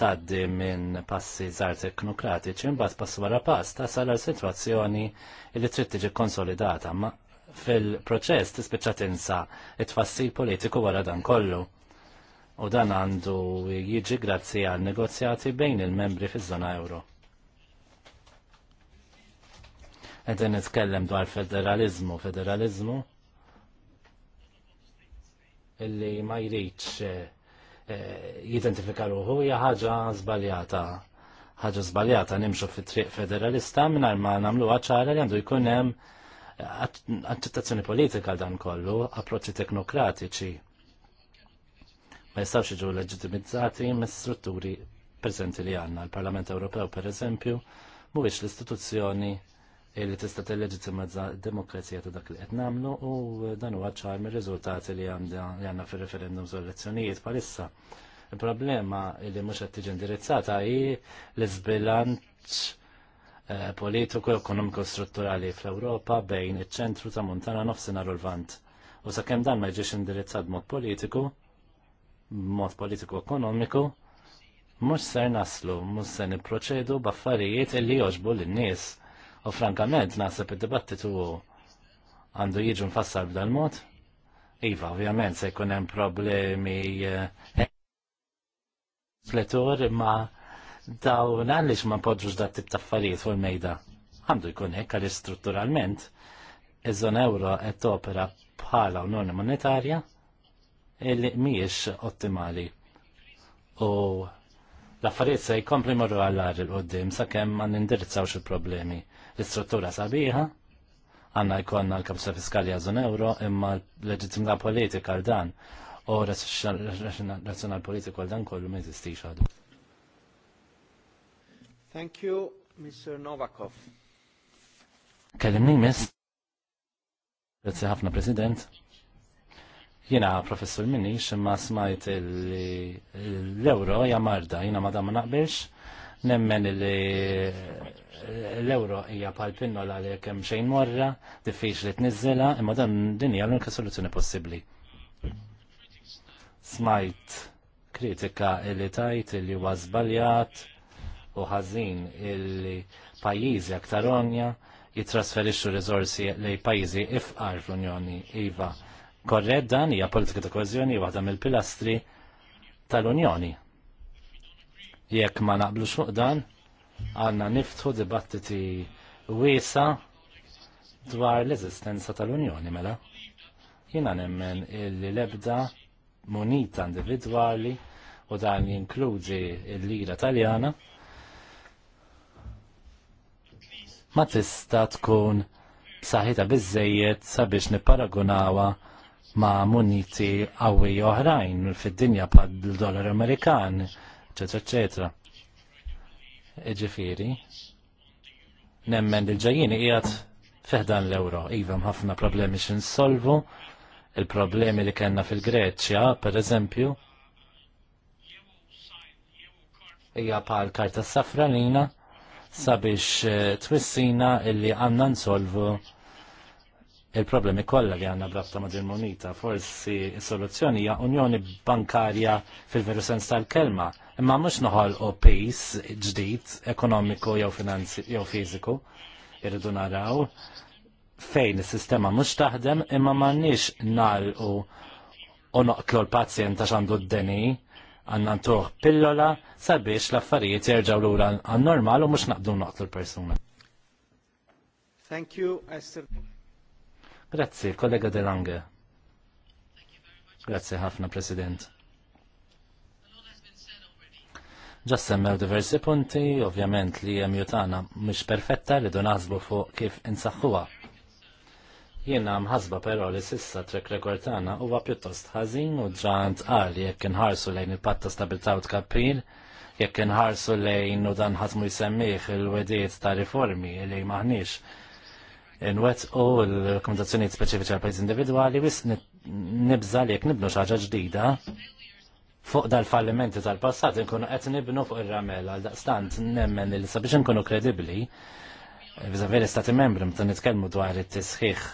tgħaddi minn passi żgħar teknokratiċi imbagħad pass wara pass tasal għal sitwazzjoni li trid tiġi konsolidata ma' fil-proċess tispiċa tinsa it-tfassil politiku wara dan kollu. U dan għandu jiġi grazzi għal negozjati bejn il-membri fiż-żona euro. Edin nitkellem dwar federalizmu, federalizmu illi ma jridx eh, eh, jidentifika ruħu hija ħaġa żbaljata. Ħaġa żbaljata nimxu fit-triq federalista mingħajr ma nagħmluha ċara li għandu jkun hemm aċċettazzjoni politika dan kollu, approċċi teknokratiċi ma jistawx iġu leġitimizzati mis-strutturi prezenti li għanna. Il-Parlament Ewropew, per eżempju, mhuwiex l-istituzzjoni li tista' tilleġitimizza d-demokrazija ta' dak li qed nagħmlu u dan huwa ċar mir-riżultati li għandna fir-referendum u elezzjonijiet bħalissa. Il-problema li mhux qed tiġi indirizzata hi l-iżbilanċ Eh, politiku ekonomiku strutturali fl-Ewropa bejn iċ-ċentru ta' Montana nofsinhar u l-Vant. U sakemm dan ma jiġix indirizzat mod politiku, mod politiku ekonomiku, mhux ser naslu, mhux se nipproċedu b'affarijiet li joġbu lin-nies. U frankament naħseb id-dibattitu għandu jiġu nfassar b'dan mod. Iva, ovvjament se jkun hemm problemi pletor eh, ma' dawn għaliex ma podġuġ da tip taffariet fuq l mejda Għandu jkun hekk għaliex strutturalment iż żon euro qed opera bħala unjoni monetarja illi mhijiex ottimali. U l-affarijiet se jkompli morru għall-għar il-qoddim sakemm ma nindirizzawx il-problemi. L-istruttura sabiħa, għanna jkonna l-kapsa fiskali għazun euro imma l-leġitimità politika għal dan u razzjonal politiku għal dan kollu ma għadu. Thank you, Mr. Novakov. Kellimni miss. Grazie ħafna, President. Jena professur minni ma smajt l-euro hija marda, jena madam ma naqbilx, nemmen li l-euro hija pal pinnola li kemm xejn morra, diffiċ li tniżela, imma dan din hija l-unika soluzzjoni possibbli. Smajt kritika li tajt li huwa żbaljat, u ħażin il-pajjiżi aktar onja jitrasferixxu riżorsi lej pajjiżi ifqar fl-Unjoni iva. Korred dan hija politika ta' kważjoni waħda mill-pilastri tal-Unjoni. Jekk ma naqblu fuq dan, għandna niftħu dibattiti wiesa dwar l-eżistenza tal-Unjoni mela. Jiena nemmen illi lebda munita individwali u dan jinkludi l-lira taljana ma tista' tkun saħita biżejjed sabiex nipparagunawha ma' muniti qawwi oħrajn fid-dinja bħal dollar Amerikan, eċetera, eċetera. Iġifieri, nemmen il-ġajjini qiegħed feħdan l-euro, iva ħafna problemi x'insolvu, il-problemi li kellna fil-Greċja, per eżempju, hija bħal karta safra sabiex eh, twissina illi għanna nsolvu il-problemi kollha li għanna brabta ma' din monita. Forsi soluzzjoni hija unjoni bankarja fil-veru sens tal-kelma, imma mhux u peace ġdid ekonomiku jew finanzi jew fiżiku irridu naraw fejn is-sistema mhux taħdem imma m'għandniex nagħlqu u noqtlu l-pazjent għax għandu d-deni għanna ntuħ pillola sabiex l-affarijiet jerġaw lura għan-normal u mux naqdu noqtu l-persuna. Thank you, Esther. Grazzi, kollega De Lange. Grazzi ħafna, President. Ġas semmew diversi punti, ovvjament li jem jutana mux perfetta li donazbu fuq kif insaxħuwa. Jiena mħasba però li sissa trek rekord huwa pjuttost ħażin u ġrant qal jekk inħarsu lejn il-patta stabilta u tkappil, jekk inħarsu lejn u dan ħasmu jsemmih il-wedijiet ta' riformi li maħniex inwet u l-rekomendazzjoni speċifiċi għal pajjiż individwali wis nibża li jekk nibnu xaġa ġdida fuq dal-fallimenti tal-passat nkunu qed nibnu fuq ir-ramel għal daqstant nemmen li sabiex nkunu kredibbli Viza veri stati membri mta nitkellmu dwar it-tisħiħ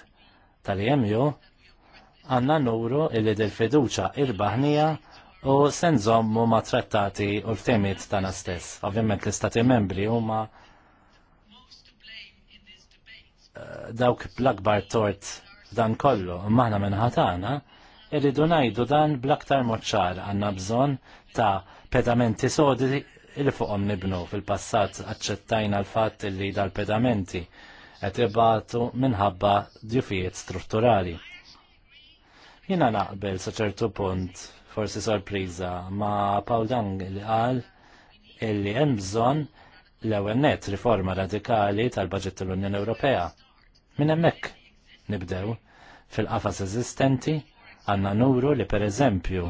tal jemju għanna nuru illi del fiduċa il-baħnija u senżommu ma trattati u l-temiet tana stess. Ovvijament l-istati membri huma eh, dawk bl-akbar tort dan kollu, maħna minnħatana, irridu najdu dan bl-aktar moċċar għanna bżon ta' pedamenti sodi il fuqhom nibnu fil-passat aċċettajna l-fatt illi dal-pedamenti qed ibatu minħabba djufijiet strutturali. Jiena naqbel sa ċertu punt forsi sorpriża ma Paul Dang li qal illi hemm bżonn l-ewwel net riforma radikali tal-Baġit tal-Unjoni Ewropea. Minn hemmhekk nibdew fil-qafas eżistenti għandna nuru li pereżempju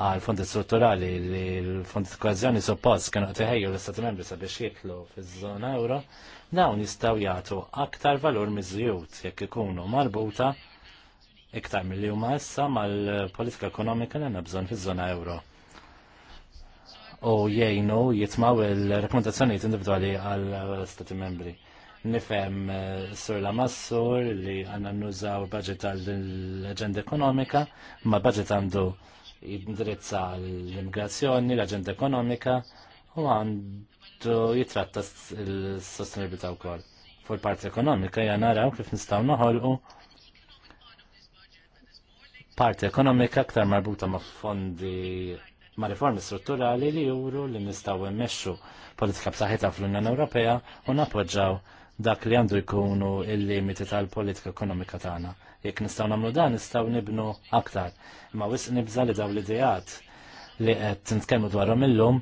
għal fondi strutturali li l-fondi kważjoni suppost kienu teħejju l-Istati membri sabiex jitlu fiż-żona euro, dawn jistgħu jagħtu aktar valur miżjud jekk ikunu marbuta iktar mill huma issa mal-politika ekonomika li għandna bżonn fiż-żona euro. U jgħinu jitmaw il-rekomendazzjonijiet individwali għal stati membri. Nifhem eh, sur la massur li għandna nużaw budget għall agenda ekonomika, ma budget għandu jindrizza l-immigrazzjoni, l-agenda ekonomika u għandu jitratta l-sostenibilità wkoll. Fu l parti ekonomika ja naraw kif nistgħu noħolqu parti ekonomika ktar marbuta ma' fondi ma' riformi strutturali li juru li nistgħu immexxu politika b'saħħitha fl-Unjoni Ewropea u nappoġġaw dak li għandu jkunu il-limiti tal-politika ekonomika tagħna. Jekk nistgħu nagħmlu dan nistaw nibnu aktar. Imma wisq nibza li daw l-idejat li qed nitkellmu dwarhom illum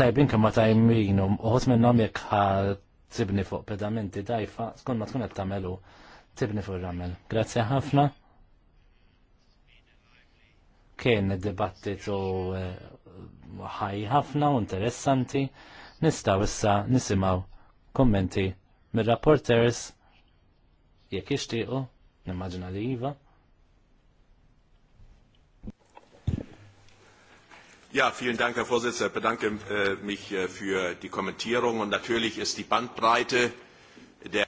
tajbin kemm ma tajminhom minnom minnhom jekk tibni fuq pedamenti dajfa skon ma tkun qed tagħmelu tibni fuq ramel. Grazie ħafna. Kien id-dibattitu eh, ħaj ħafna u interessanti. Nistaw issa nisimaw kommenti mir-rapporters jekk ixtiequ Nimmaġina li iva.
Ja, vielen Dank, Herr Vorsitzender. Ich bedanke äh, mich äh, für die Kommentierung. Und natürlich ist die Bandbreite der...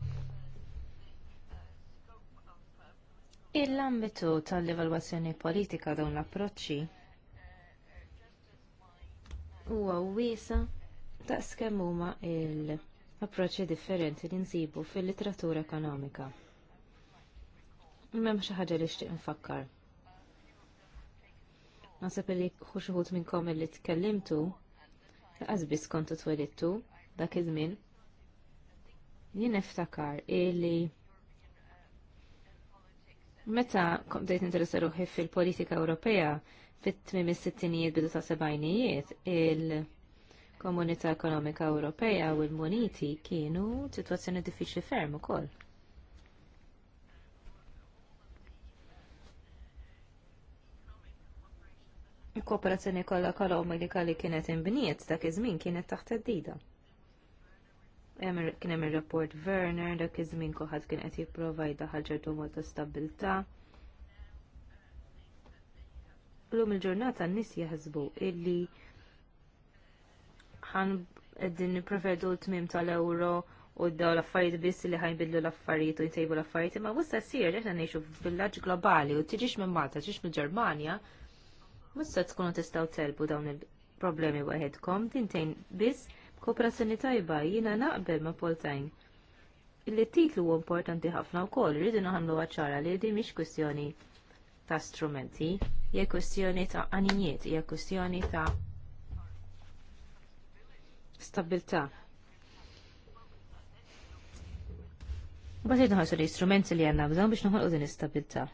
Il-ambitu tal-evalwazzjoni politika dawn l-approċċi huwa wiesa ta' skemm huma l-approċċi differenti li nsibu fil-literatura ekonomika xi ħaġa li xtieq nfakkar. Nasib li xuxuħut minnkom li tkellimtu, biss kontu twelittu dak iż-żmien. Jien niftakar illi meta bdejt interessa ruħi fil-politika Ewropea fit-tmim is-sittinijiet bidu ta' sebajnijiet, il-Komunità Ekonomika Ewropea u l-Muniti kienu situazzjoni diffiċli ferm ukoll il-kooperazzjoni kollha ekonomika li kienet inbniet dak iż-żmien kienet taħt id-dida. Kien hemm ir-rapport Werner dak iż-żmien kulħadd kien qed jipprovajda jdaħħal ċertu mod ta' stabbiltà. Lum il-ġurnata n-nies jaħsbu illi ħan qegħdin nipprovedu l-tmiem tal-ewro u d-daw l-affarijiet biss li ħajbidlu l-affarijiet u jtejbu l-affarijiet, imma wissa sir, ġeħna neħxu fil-laġ globali u tiġix minn Malta, tiġix minn Ġermanja, Mussa tkunu tistgħu telbu dawn il-problemi waħedkom tintejn biss kooperazzjoni tajba jiena naqbel ma' Poltajn. Il-titlu huwa importanti ħafna wkoll rridu naħamlu ċara li di mhix kwistjoni ta' strumenti, hija kwistjoni ta' għanijiet, hija kwistjoni ta' stabilità. Bazzi nħassu l-istrumenti li għanna bżon biex nħolqu din istabilità.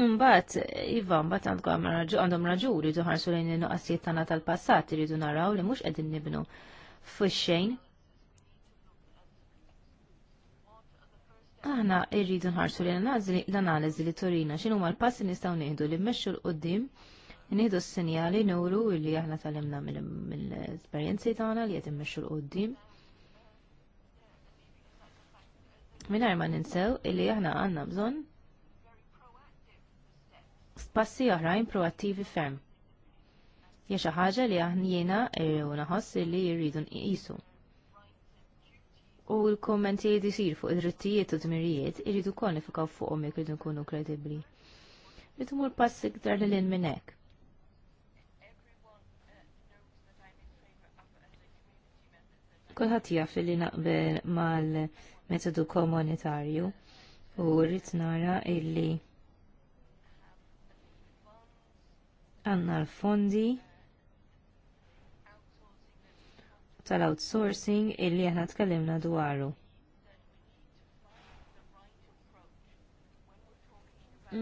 Umbat, Iva, mbat għandhom raġu rridu ħarsu lejn il-nuqqasijiet tagħna tal-passat iridu naraw li mhux qegħdin nibnu fix-xejn. Aħna rridu nħarsu lejn l-analiżi li turina x'inhu huma l-passi nistgħu nieħdu li mmexxu l qudiem nieħdu s-sinjali nuru li aħna talimna mill-esperjenzi tagħna li qed immexxu l qudiem. Mingħajr ma ninsew illi aħna għandna bżonn f'passi oħrajn proattivi ferm. Hija xi ħaġa li aħna u naħoss li jridu nqisu. U l-kommenti li jisir fuq id-drittijiet u d-dmirijiet irridu kol nifikaw fuqhom jekk irridu nkunu kredibbli. Rridu mur pass iktar lil minn hekk. Kulħadd jaf li naqbel mal-metodu komunitarju u rrid nara illi għanna l-fondi tal-outsourcing illi għanna tkellimna dwaru.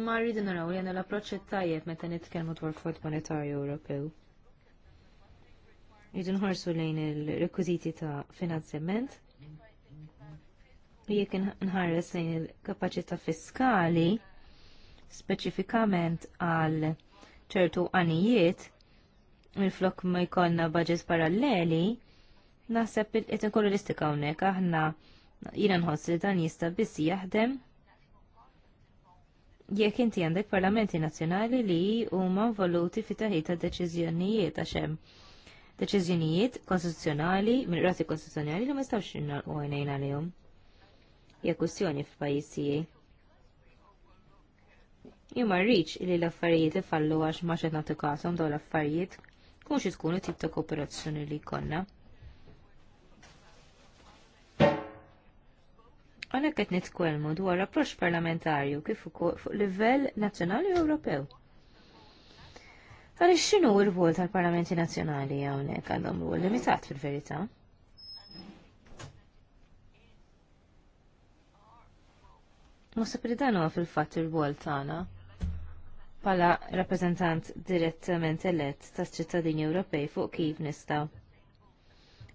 Ma rridu naraw li għanna l-approċċ tajjeb meta nitkellmu dwar Fond Monetarju Ewropew. Rridu nħarsu lejn il-rekwiżiti ta' finanzjament. Jek nħares lejn il-kapaċità fiskali speċifikament għal ċertu għanijiet, il-flok ma jkollna budgets paralleli, naħseb it-tin kollu l-istika hawnhekk aħna jina nħoss li dan jista' biss jaħdem jekk inti għandek parlamenti nazzjonali li huma voluti fi taħid ta' deċiżjonijiet għax hemm deċiżjonijiet konstituzzjonali minn rati konstituzzjonali li ma jistgħux jinnalqu għajnejn għalihom. Jekk kwistjoni f'pajjiż Imma rriċ li l-affarijiet ifallu għax maċet natu kasom dawn l-affarijiet kun tkun it-tip ta' kooperazzjoni li jkollna. Għalhekk qed nitkellmu dwar approċċ parlamentarju kif ukoll fuq livell nazzjonali u Ewropew. Għalix xinu r vol tal-Parlamenti Nazjonali għawnek għandhom rwol limitat fil-verita? Musa li dan fat fil-fatt ir-rwol tagħna pala rappresentant direttament elett ta' ċittadini Ewropej fuq kif nistaw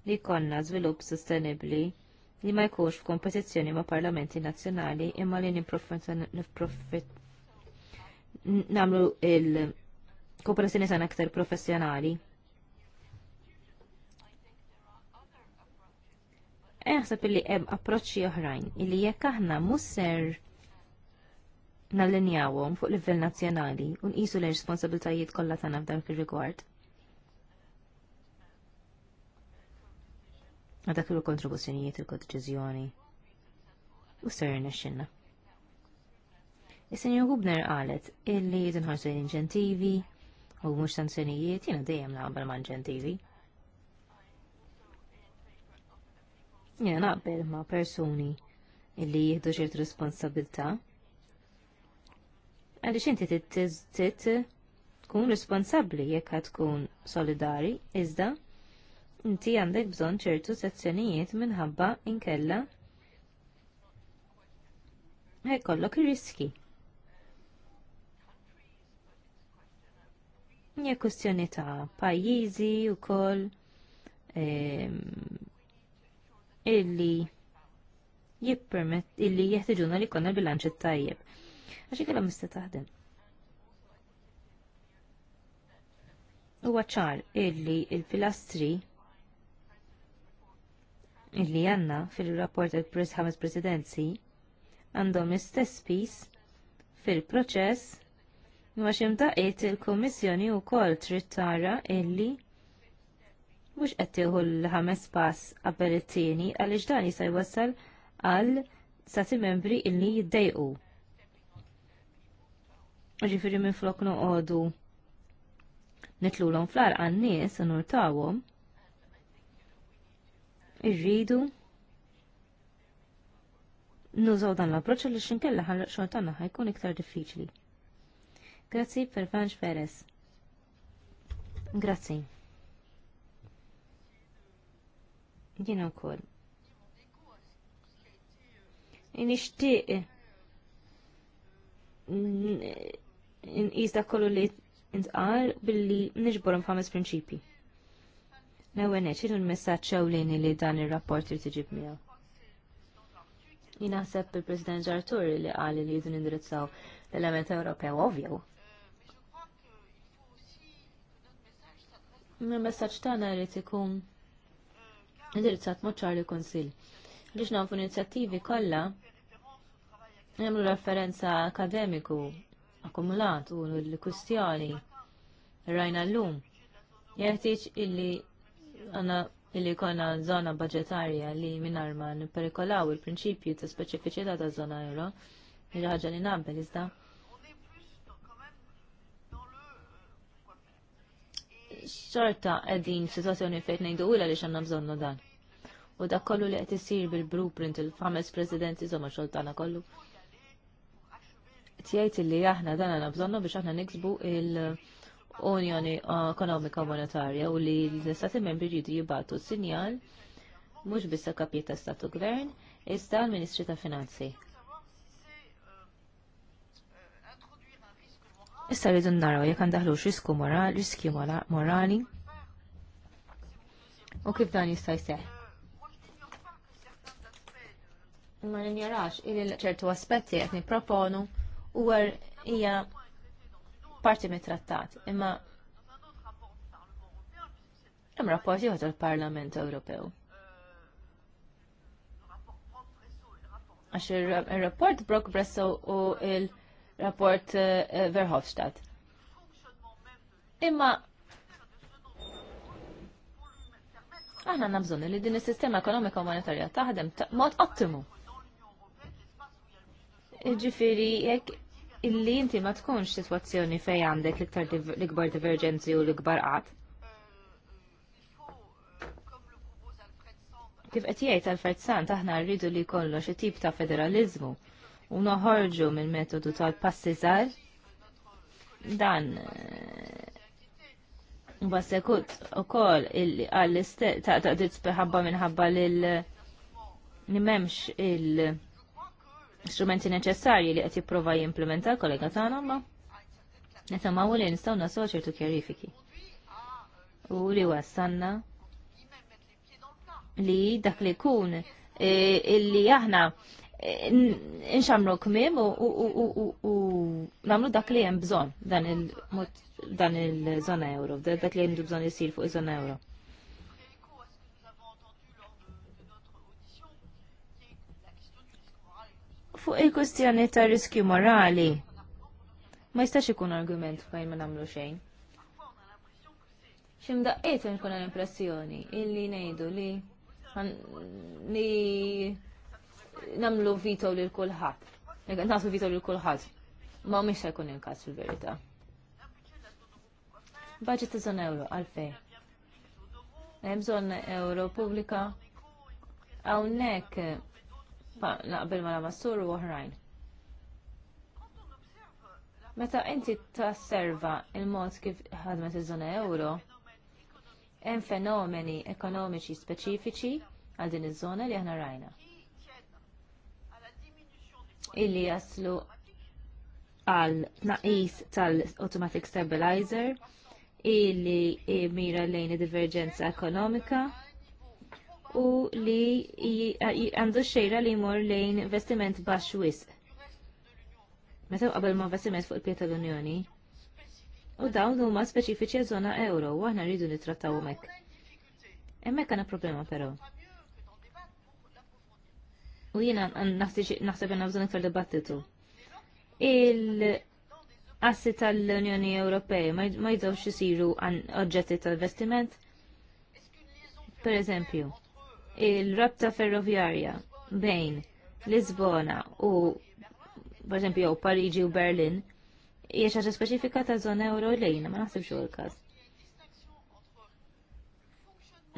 li konna żvilupp sostenibbli li ma jkunx f'kompetizzjoni ma' parlamenti nazzjonali imma li nagħmlu il-kooperazzjoni sana aktar professjonali. Eħseb li hemm approċċi oħrajn illi jekk aħna musser ser nallinjawhom fuq livell nazzjonali u nqisu l-responsabiltajiet kollha tagħna f'dan fir-rigward. dak il kontribuzzjonijiet il-kodeċiżjoni. U ser nexxinna. Is-Senjor Gubner qalet illi tinħarsu l-inċentivi u mhux sanzjonijiet jiena dejjem naqbel ma' inċentivi. Jiena naqbel ma' persuni illi jieħdu ċert responsabilta' għaliex inti t-tizzit tkun responsabbli jekk ħad tkun solidari, iżda inti għandek bżonn ċertu sezzjonijiet minħabba inkella e kollok ir-riski. Nja kustjoni ta' pajjiżi wkoll ehm, illi jippermet illi jeħtiġuna li konna bilanċ tajjeb. Għaxi kellha mista taħdem. Huwa ċar illi il-pilastri illi għanna fil-rapport tal-Pres ħames Presidenzi għandhom istess pis fil-proċess Ma mdaqet il-Komissjoni u kol trid tara illi mhux qed tieħu l-ħames pass qabel it-tieni għaliex dan jista' jwassal għal stati membri illi jiddejqu Ġifiri minn flok noqodu nitlu l-om flar għannis nurtawom. Irridu nużaw dan l-approċ li xinkella ħal xortanna ħajkun iktar diffiċli. Grazzi per Vanx Perez. Grazzi. Jina u koll. Inixtiq inqis dak kollu li intqal billi niġborhom ħames prinċipji. L-ewwel neċ il-messaġġ ewlieni li dan ir-rapport irid tiġib miegħu. Jinaħseb il-President Ġarturi li qal li jridu nindirizzaw l-element Ewropew ovvju. Il-messaġġ tagħna jrid ikun indirizzat mod ċar kunsill Biex nafu l-inizjattivi kollha jagħmlu referenza akademiku akkumulat u l-kustjali rajna l-lum. Jeħtieġ illi għana illi konna zona budgetarja li minnar ma perikolaw il-prinċipju ta' speċifiċità ta' zona euro, ħaġa li nabbel iżda. Xorta għedin situazzjoni fejt nejdu ula li xanna bżonnu dan u dak kollu li qed isir bil-blueprint il-fames prezidenti zoma xoltana kollu tjajt li aħna dan għana biex aħna niksbu il-Unjoni Ekonomika Monetarja u li l-Stati membri jridu jibatu sinjal mhux bissa kapji ta' Statu Gvern, iżda l-Ministri ta' Finanzi. Issa rridu naraw jekk għandaħlux risku morali, riski morali u kif dan jista' jseħħ. Ma ninjarax il ċertu aspetti qed nipproponu u għar hija parti mit-trattat, imma hemm rapporti ieħor il parlament Ewropew. Għax il rapport Brock Bresso u il-rapport eh, Verhofstadt. Imma aħna nabżon li din is-sistema ekonomika u monetarja taħdem mod ottimu. Ġifiri, jekk illi inti ma tkunx situazzjoni fej għandek l-iktar l-ikbar divergenzi u l-ikbar għad. Kif qed jgħid Alfred Sant aħna rridu li kollox tip ta' federalizmu u noħorġu mill-metodu tal-passi żgħar dan eh, Basekut u illi għall istet ta' ditt minħabba lil li memx il-, il strumenti neċessarji li qed jipprova jimplementa kollega tagħna ma nisamaw li nistgħu nasaw ċertu kjerifiki. U li wassanna li dak li jkun e, illi aħna inxamru e, kmim u namlu dak li hemm bżonn dan il-żona euro, dak li hemm bżonn jisir fuq iż-żona euro. fuq il-kustjoni ta' riskju morali. Ma jistax ikun argument fejn ma nagħmlu xejn. Ximdaqqiet nkun l-impressjoni illi ngħidu li li namlu vito lil kulħadd. Nasu vito lil kulħadd. Ma mhix jkun inkas fil-verità. Budget ta' zon euro għalfej. Hemm bżonn euro pubblika hawnhekk naqbel ma la massur u oħrajn. Meta inti tasserva il-mod kif ħadmet iż-żona euro, hemm fenomeni ekonomiċi speċifiċi għal din iż-żona li aħna rajna. Illi jaslu għal tnaqis tal-automatic stabilizer illi mira lejn id-diverġenza ekonomika u li għandu xejra li jmur lejn investiment baxx wisq. Meta qabel ma vestiment fuq il-pieta l-Unjoni. U dawn huma speċifiċi żona euro u aħna rridu nittrattaw hemmhekk. Hemmhekk għandna problema però. U jiena naħseb għandna bżonn iktar dibattitu. Il-assi tal-Unjoni Ewropea ma jdawx isiru għan oġġetti tal vestiment per eżempju, il-rabta ferroviarja bejn Lisbona u per esempio, Pariġi u Berlin hija xi ħaġa speċifika ta' żona euro lejna ma naħsibx hu l-każ.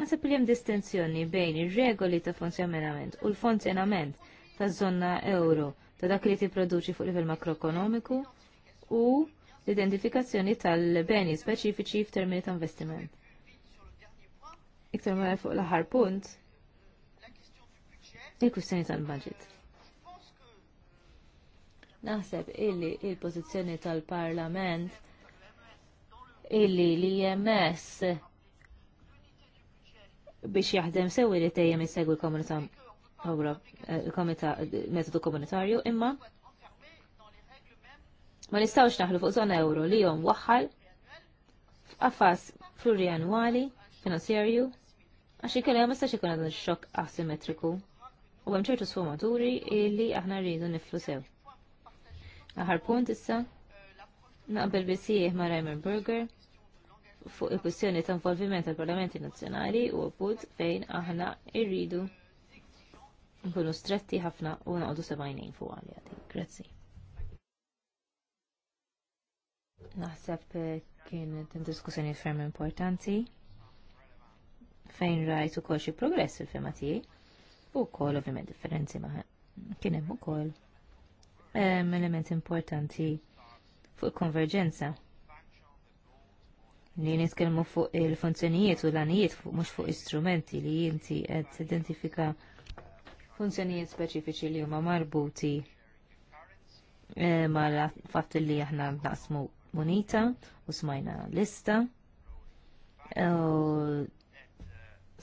Nasib li hemm distinzjoni bejn ir-regoli ta' funzjonament u l-funzjonament ta' żona euro ta' dak li tipproduċi fuq livell makroekonomiku u l-identifikazzjoni tal-beni speċifiċi f'termini ta' investiment. Iktar ma fuq l-aħħar punt, il-kwistjoni tal-budget. Naħseb illi il-pozizjoni tal-Parlament illi li jemess biex jaħdem sewi li tejjem jissegwi il-metodu eh, komunitarju imma ma nistawx naħlu fuq zona euro li jom waħħal f'affas plurianwali finanzjarju għaxi ikun hemm ma jistax ikun għandu xokk asimetriku u għem ċertu sfumaturi illi aħna rridu niflu sew. Aħar punt issa naqbel bisieħ ma' Reimer Burger fuq il kussjoni ta' involviment tal-Parlamenti Nazzjonali u għabud fejn aħna rridu nkunu stretti ħafna u naqdu sebajnejn fuq għalja. Grazzi. Naħseb kienet diskussjoni ferm importanti fejn rajtu kol xi progress fil-fema tiegħi u kol ovvijament differenzi ma kien hemm ukoll element importanti fuq il-konverġenza li nitkellmu fuq il-funzjonijiet u l-għanijiet mhux fuq istrumenti li inti qed identifika funzjonijiet speċifiċi li huma marbuti eh, ma la fatt li aħna naqsmu monita u smajna lista eh,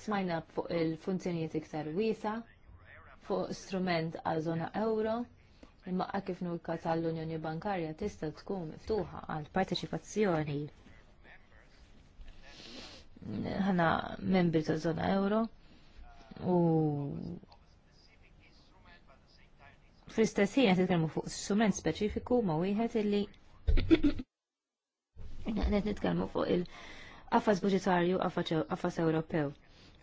smajna fuq il-funzjonijiet iktar wiesa, fuq strument għal zona euro, imma kif nurka tal-Unjoni Bankarja tista' tkun miftuħa għal parteċipazzjoni ħana membri ta' zona euro u fl-istess titkellmu fuq strument speċifiku ma' wieħed illi qed nitkellmu fuq il-qafas budġetarju qafas e-, Ewropew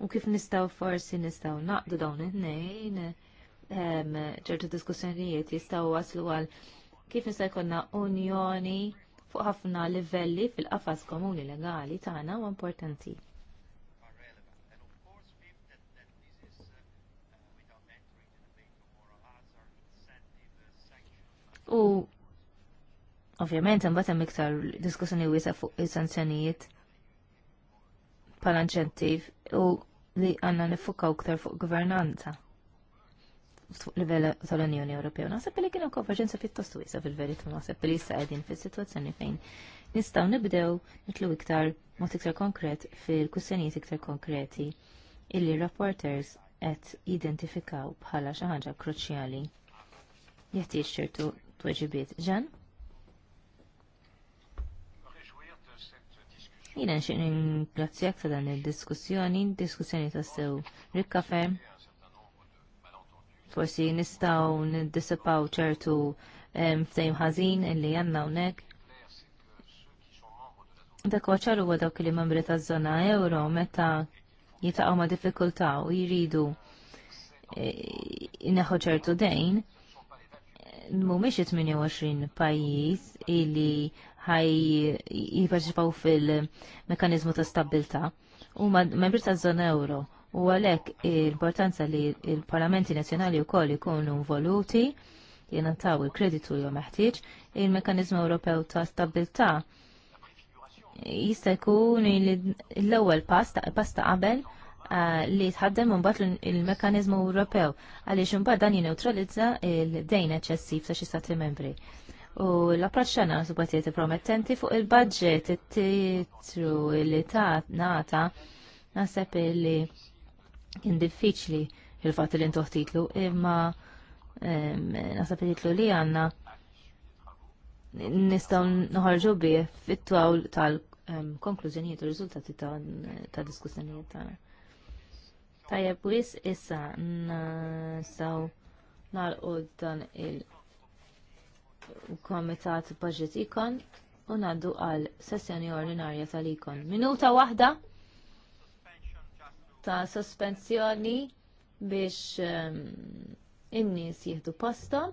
u kif nistaw forsi nistaw naqdu dawn it-nejn ċertu diskussjonijiet jistaw waslu għal kif nista' jkollna unjoni fuq ħafna livelli fil-qafas komuni legali tagħna u importanti. U ovvjament imbagħad hemm iktar diskussjoni wiesa fuq is-sanzjonijiet Pala anċentiv u li għandna nifukaw iktar fuq governanza fuq livell tal-Unjoni Ewropea. Naħseb li kienu konverġenza pjuttost wiesa fil-verità, naħseb li issa qegħdin fis-sitwazzjoni fejn nistgħu nibdew nitlu iktar mod iktar konkret fil-kussjonijiet iktar konkreti illi rapporters qed jidentifikaw bħala xi ħaġa kruċjali. Jeħtieġ ċertu tweġibiet ġan? Jina nxin ingrazzjak ta' dan il-diskussjoni, diskussjoni ta' sew rikkafe. Forsi nistaw n-disipaw ċertu ftejm ħażin illi għanna unnek. Dak waċar huwa dawk li membri ta' zona euro meta jitaqgħu ma' diffikultà u jridu e, inneħu ċertu dejn mumiex 28 pajjiż illi ħaj jiparċipaw fil-mekanizmu ta' stabilta u membri ta' zona euro u għalek l-importanza li il-parlamenti nazjonali u koll ikunu involuti jenataw il-kreditu jew meħtieġ il-mekanizmu Ewropew ta' stabilta jista' jkun l-ewwel pass ta' qabel uh, li tħaddem mbagħad il-mekanizmu Ewropew għaliex imbagħad dan jineutralizza il-dejn eċessiv ta' xi stati membri. U l-approċċ tagħna promettenti fuq il-budget, it-titru li ta' nata naħseb li kien diffiċli il-fatt li ntuħ titlu, imma naħseb titlu li għandna nistgħu noħorġu bih fit-twawl tal-konklużjonijiet u riżultati ta' diskussjonijiet tagħna. Tajjeb wis issa nistgħu nagħlqu dan il- Komitat Budget Ikon u naddu għal sessjoni ordinarja tal-ikon. Minuta waħda ta' sospensjoni biex ehm, inni nies jieħdu posta.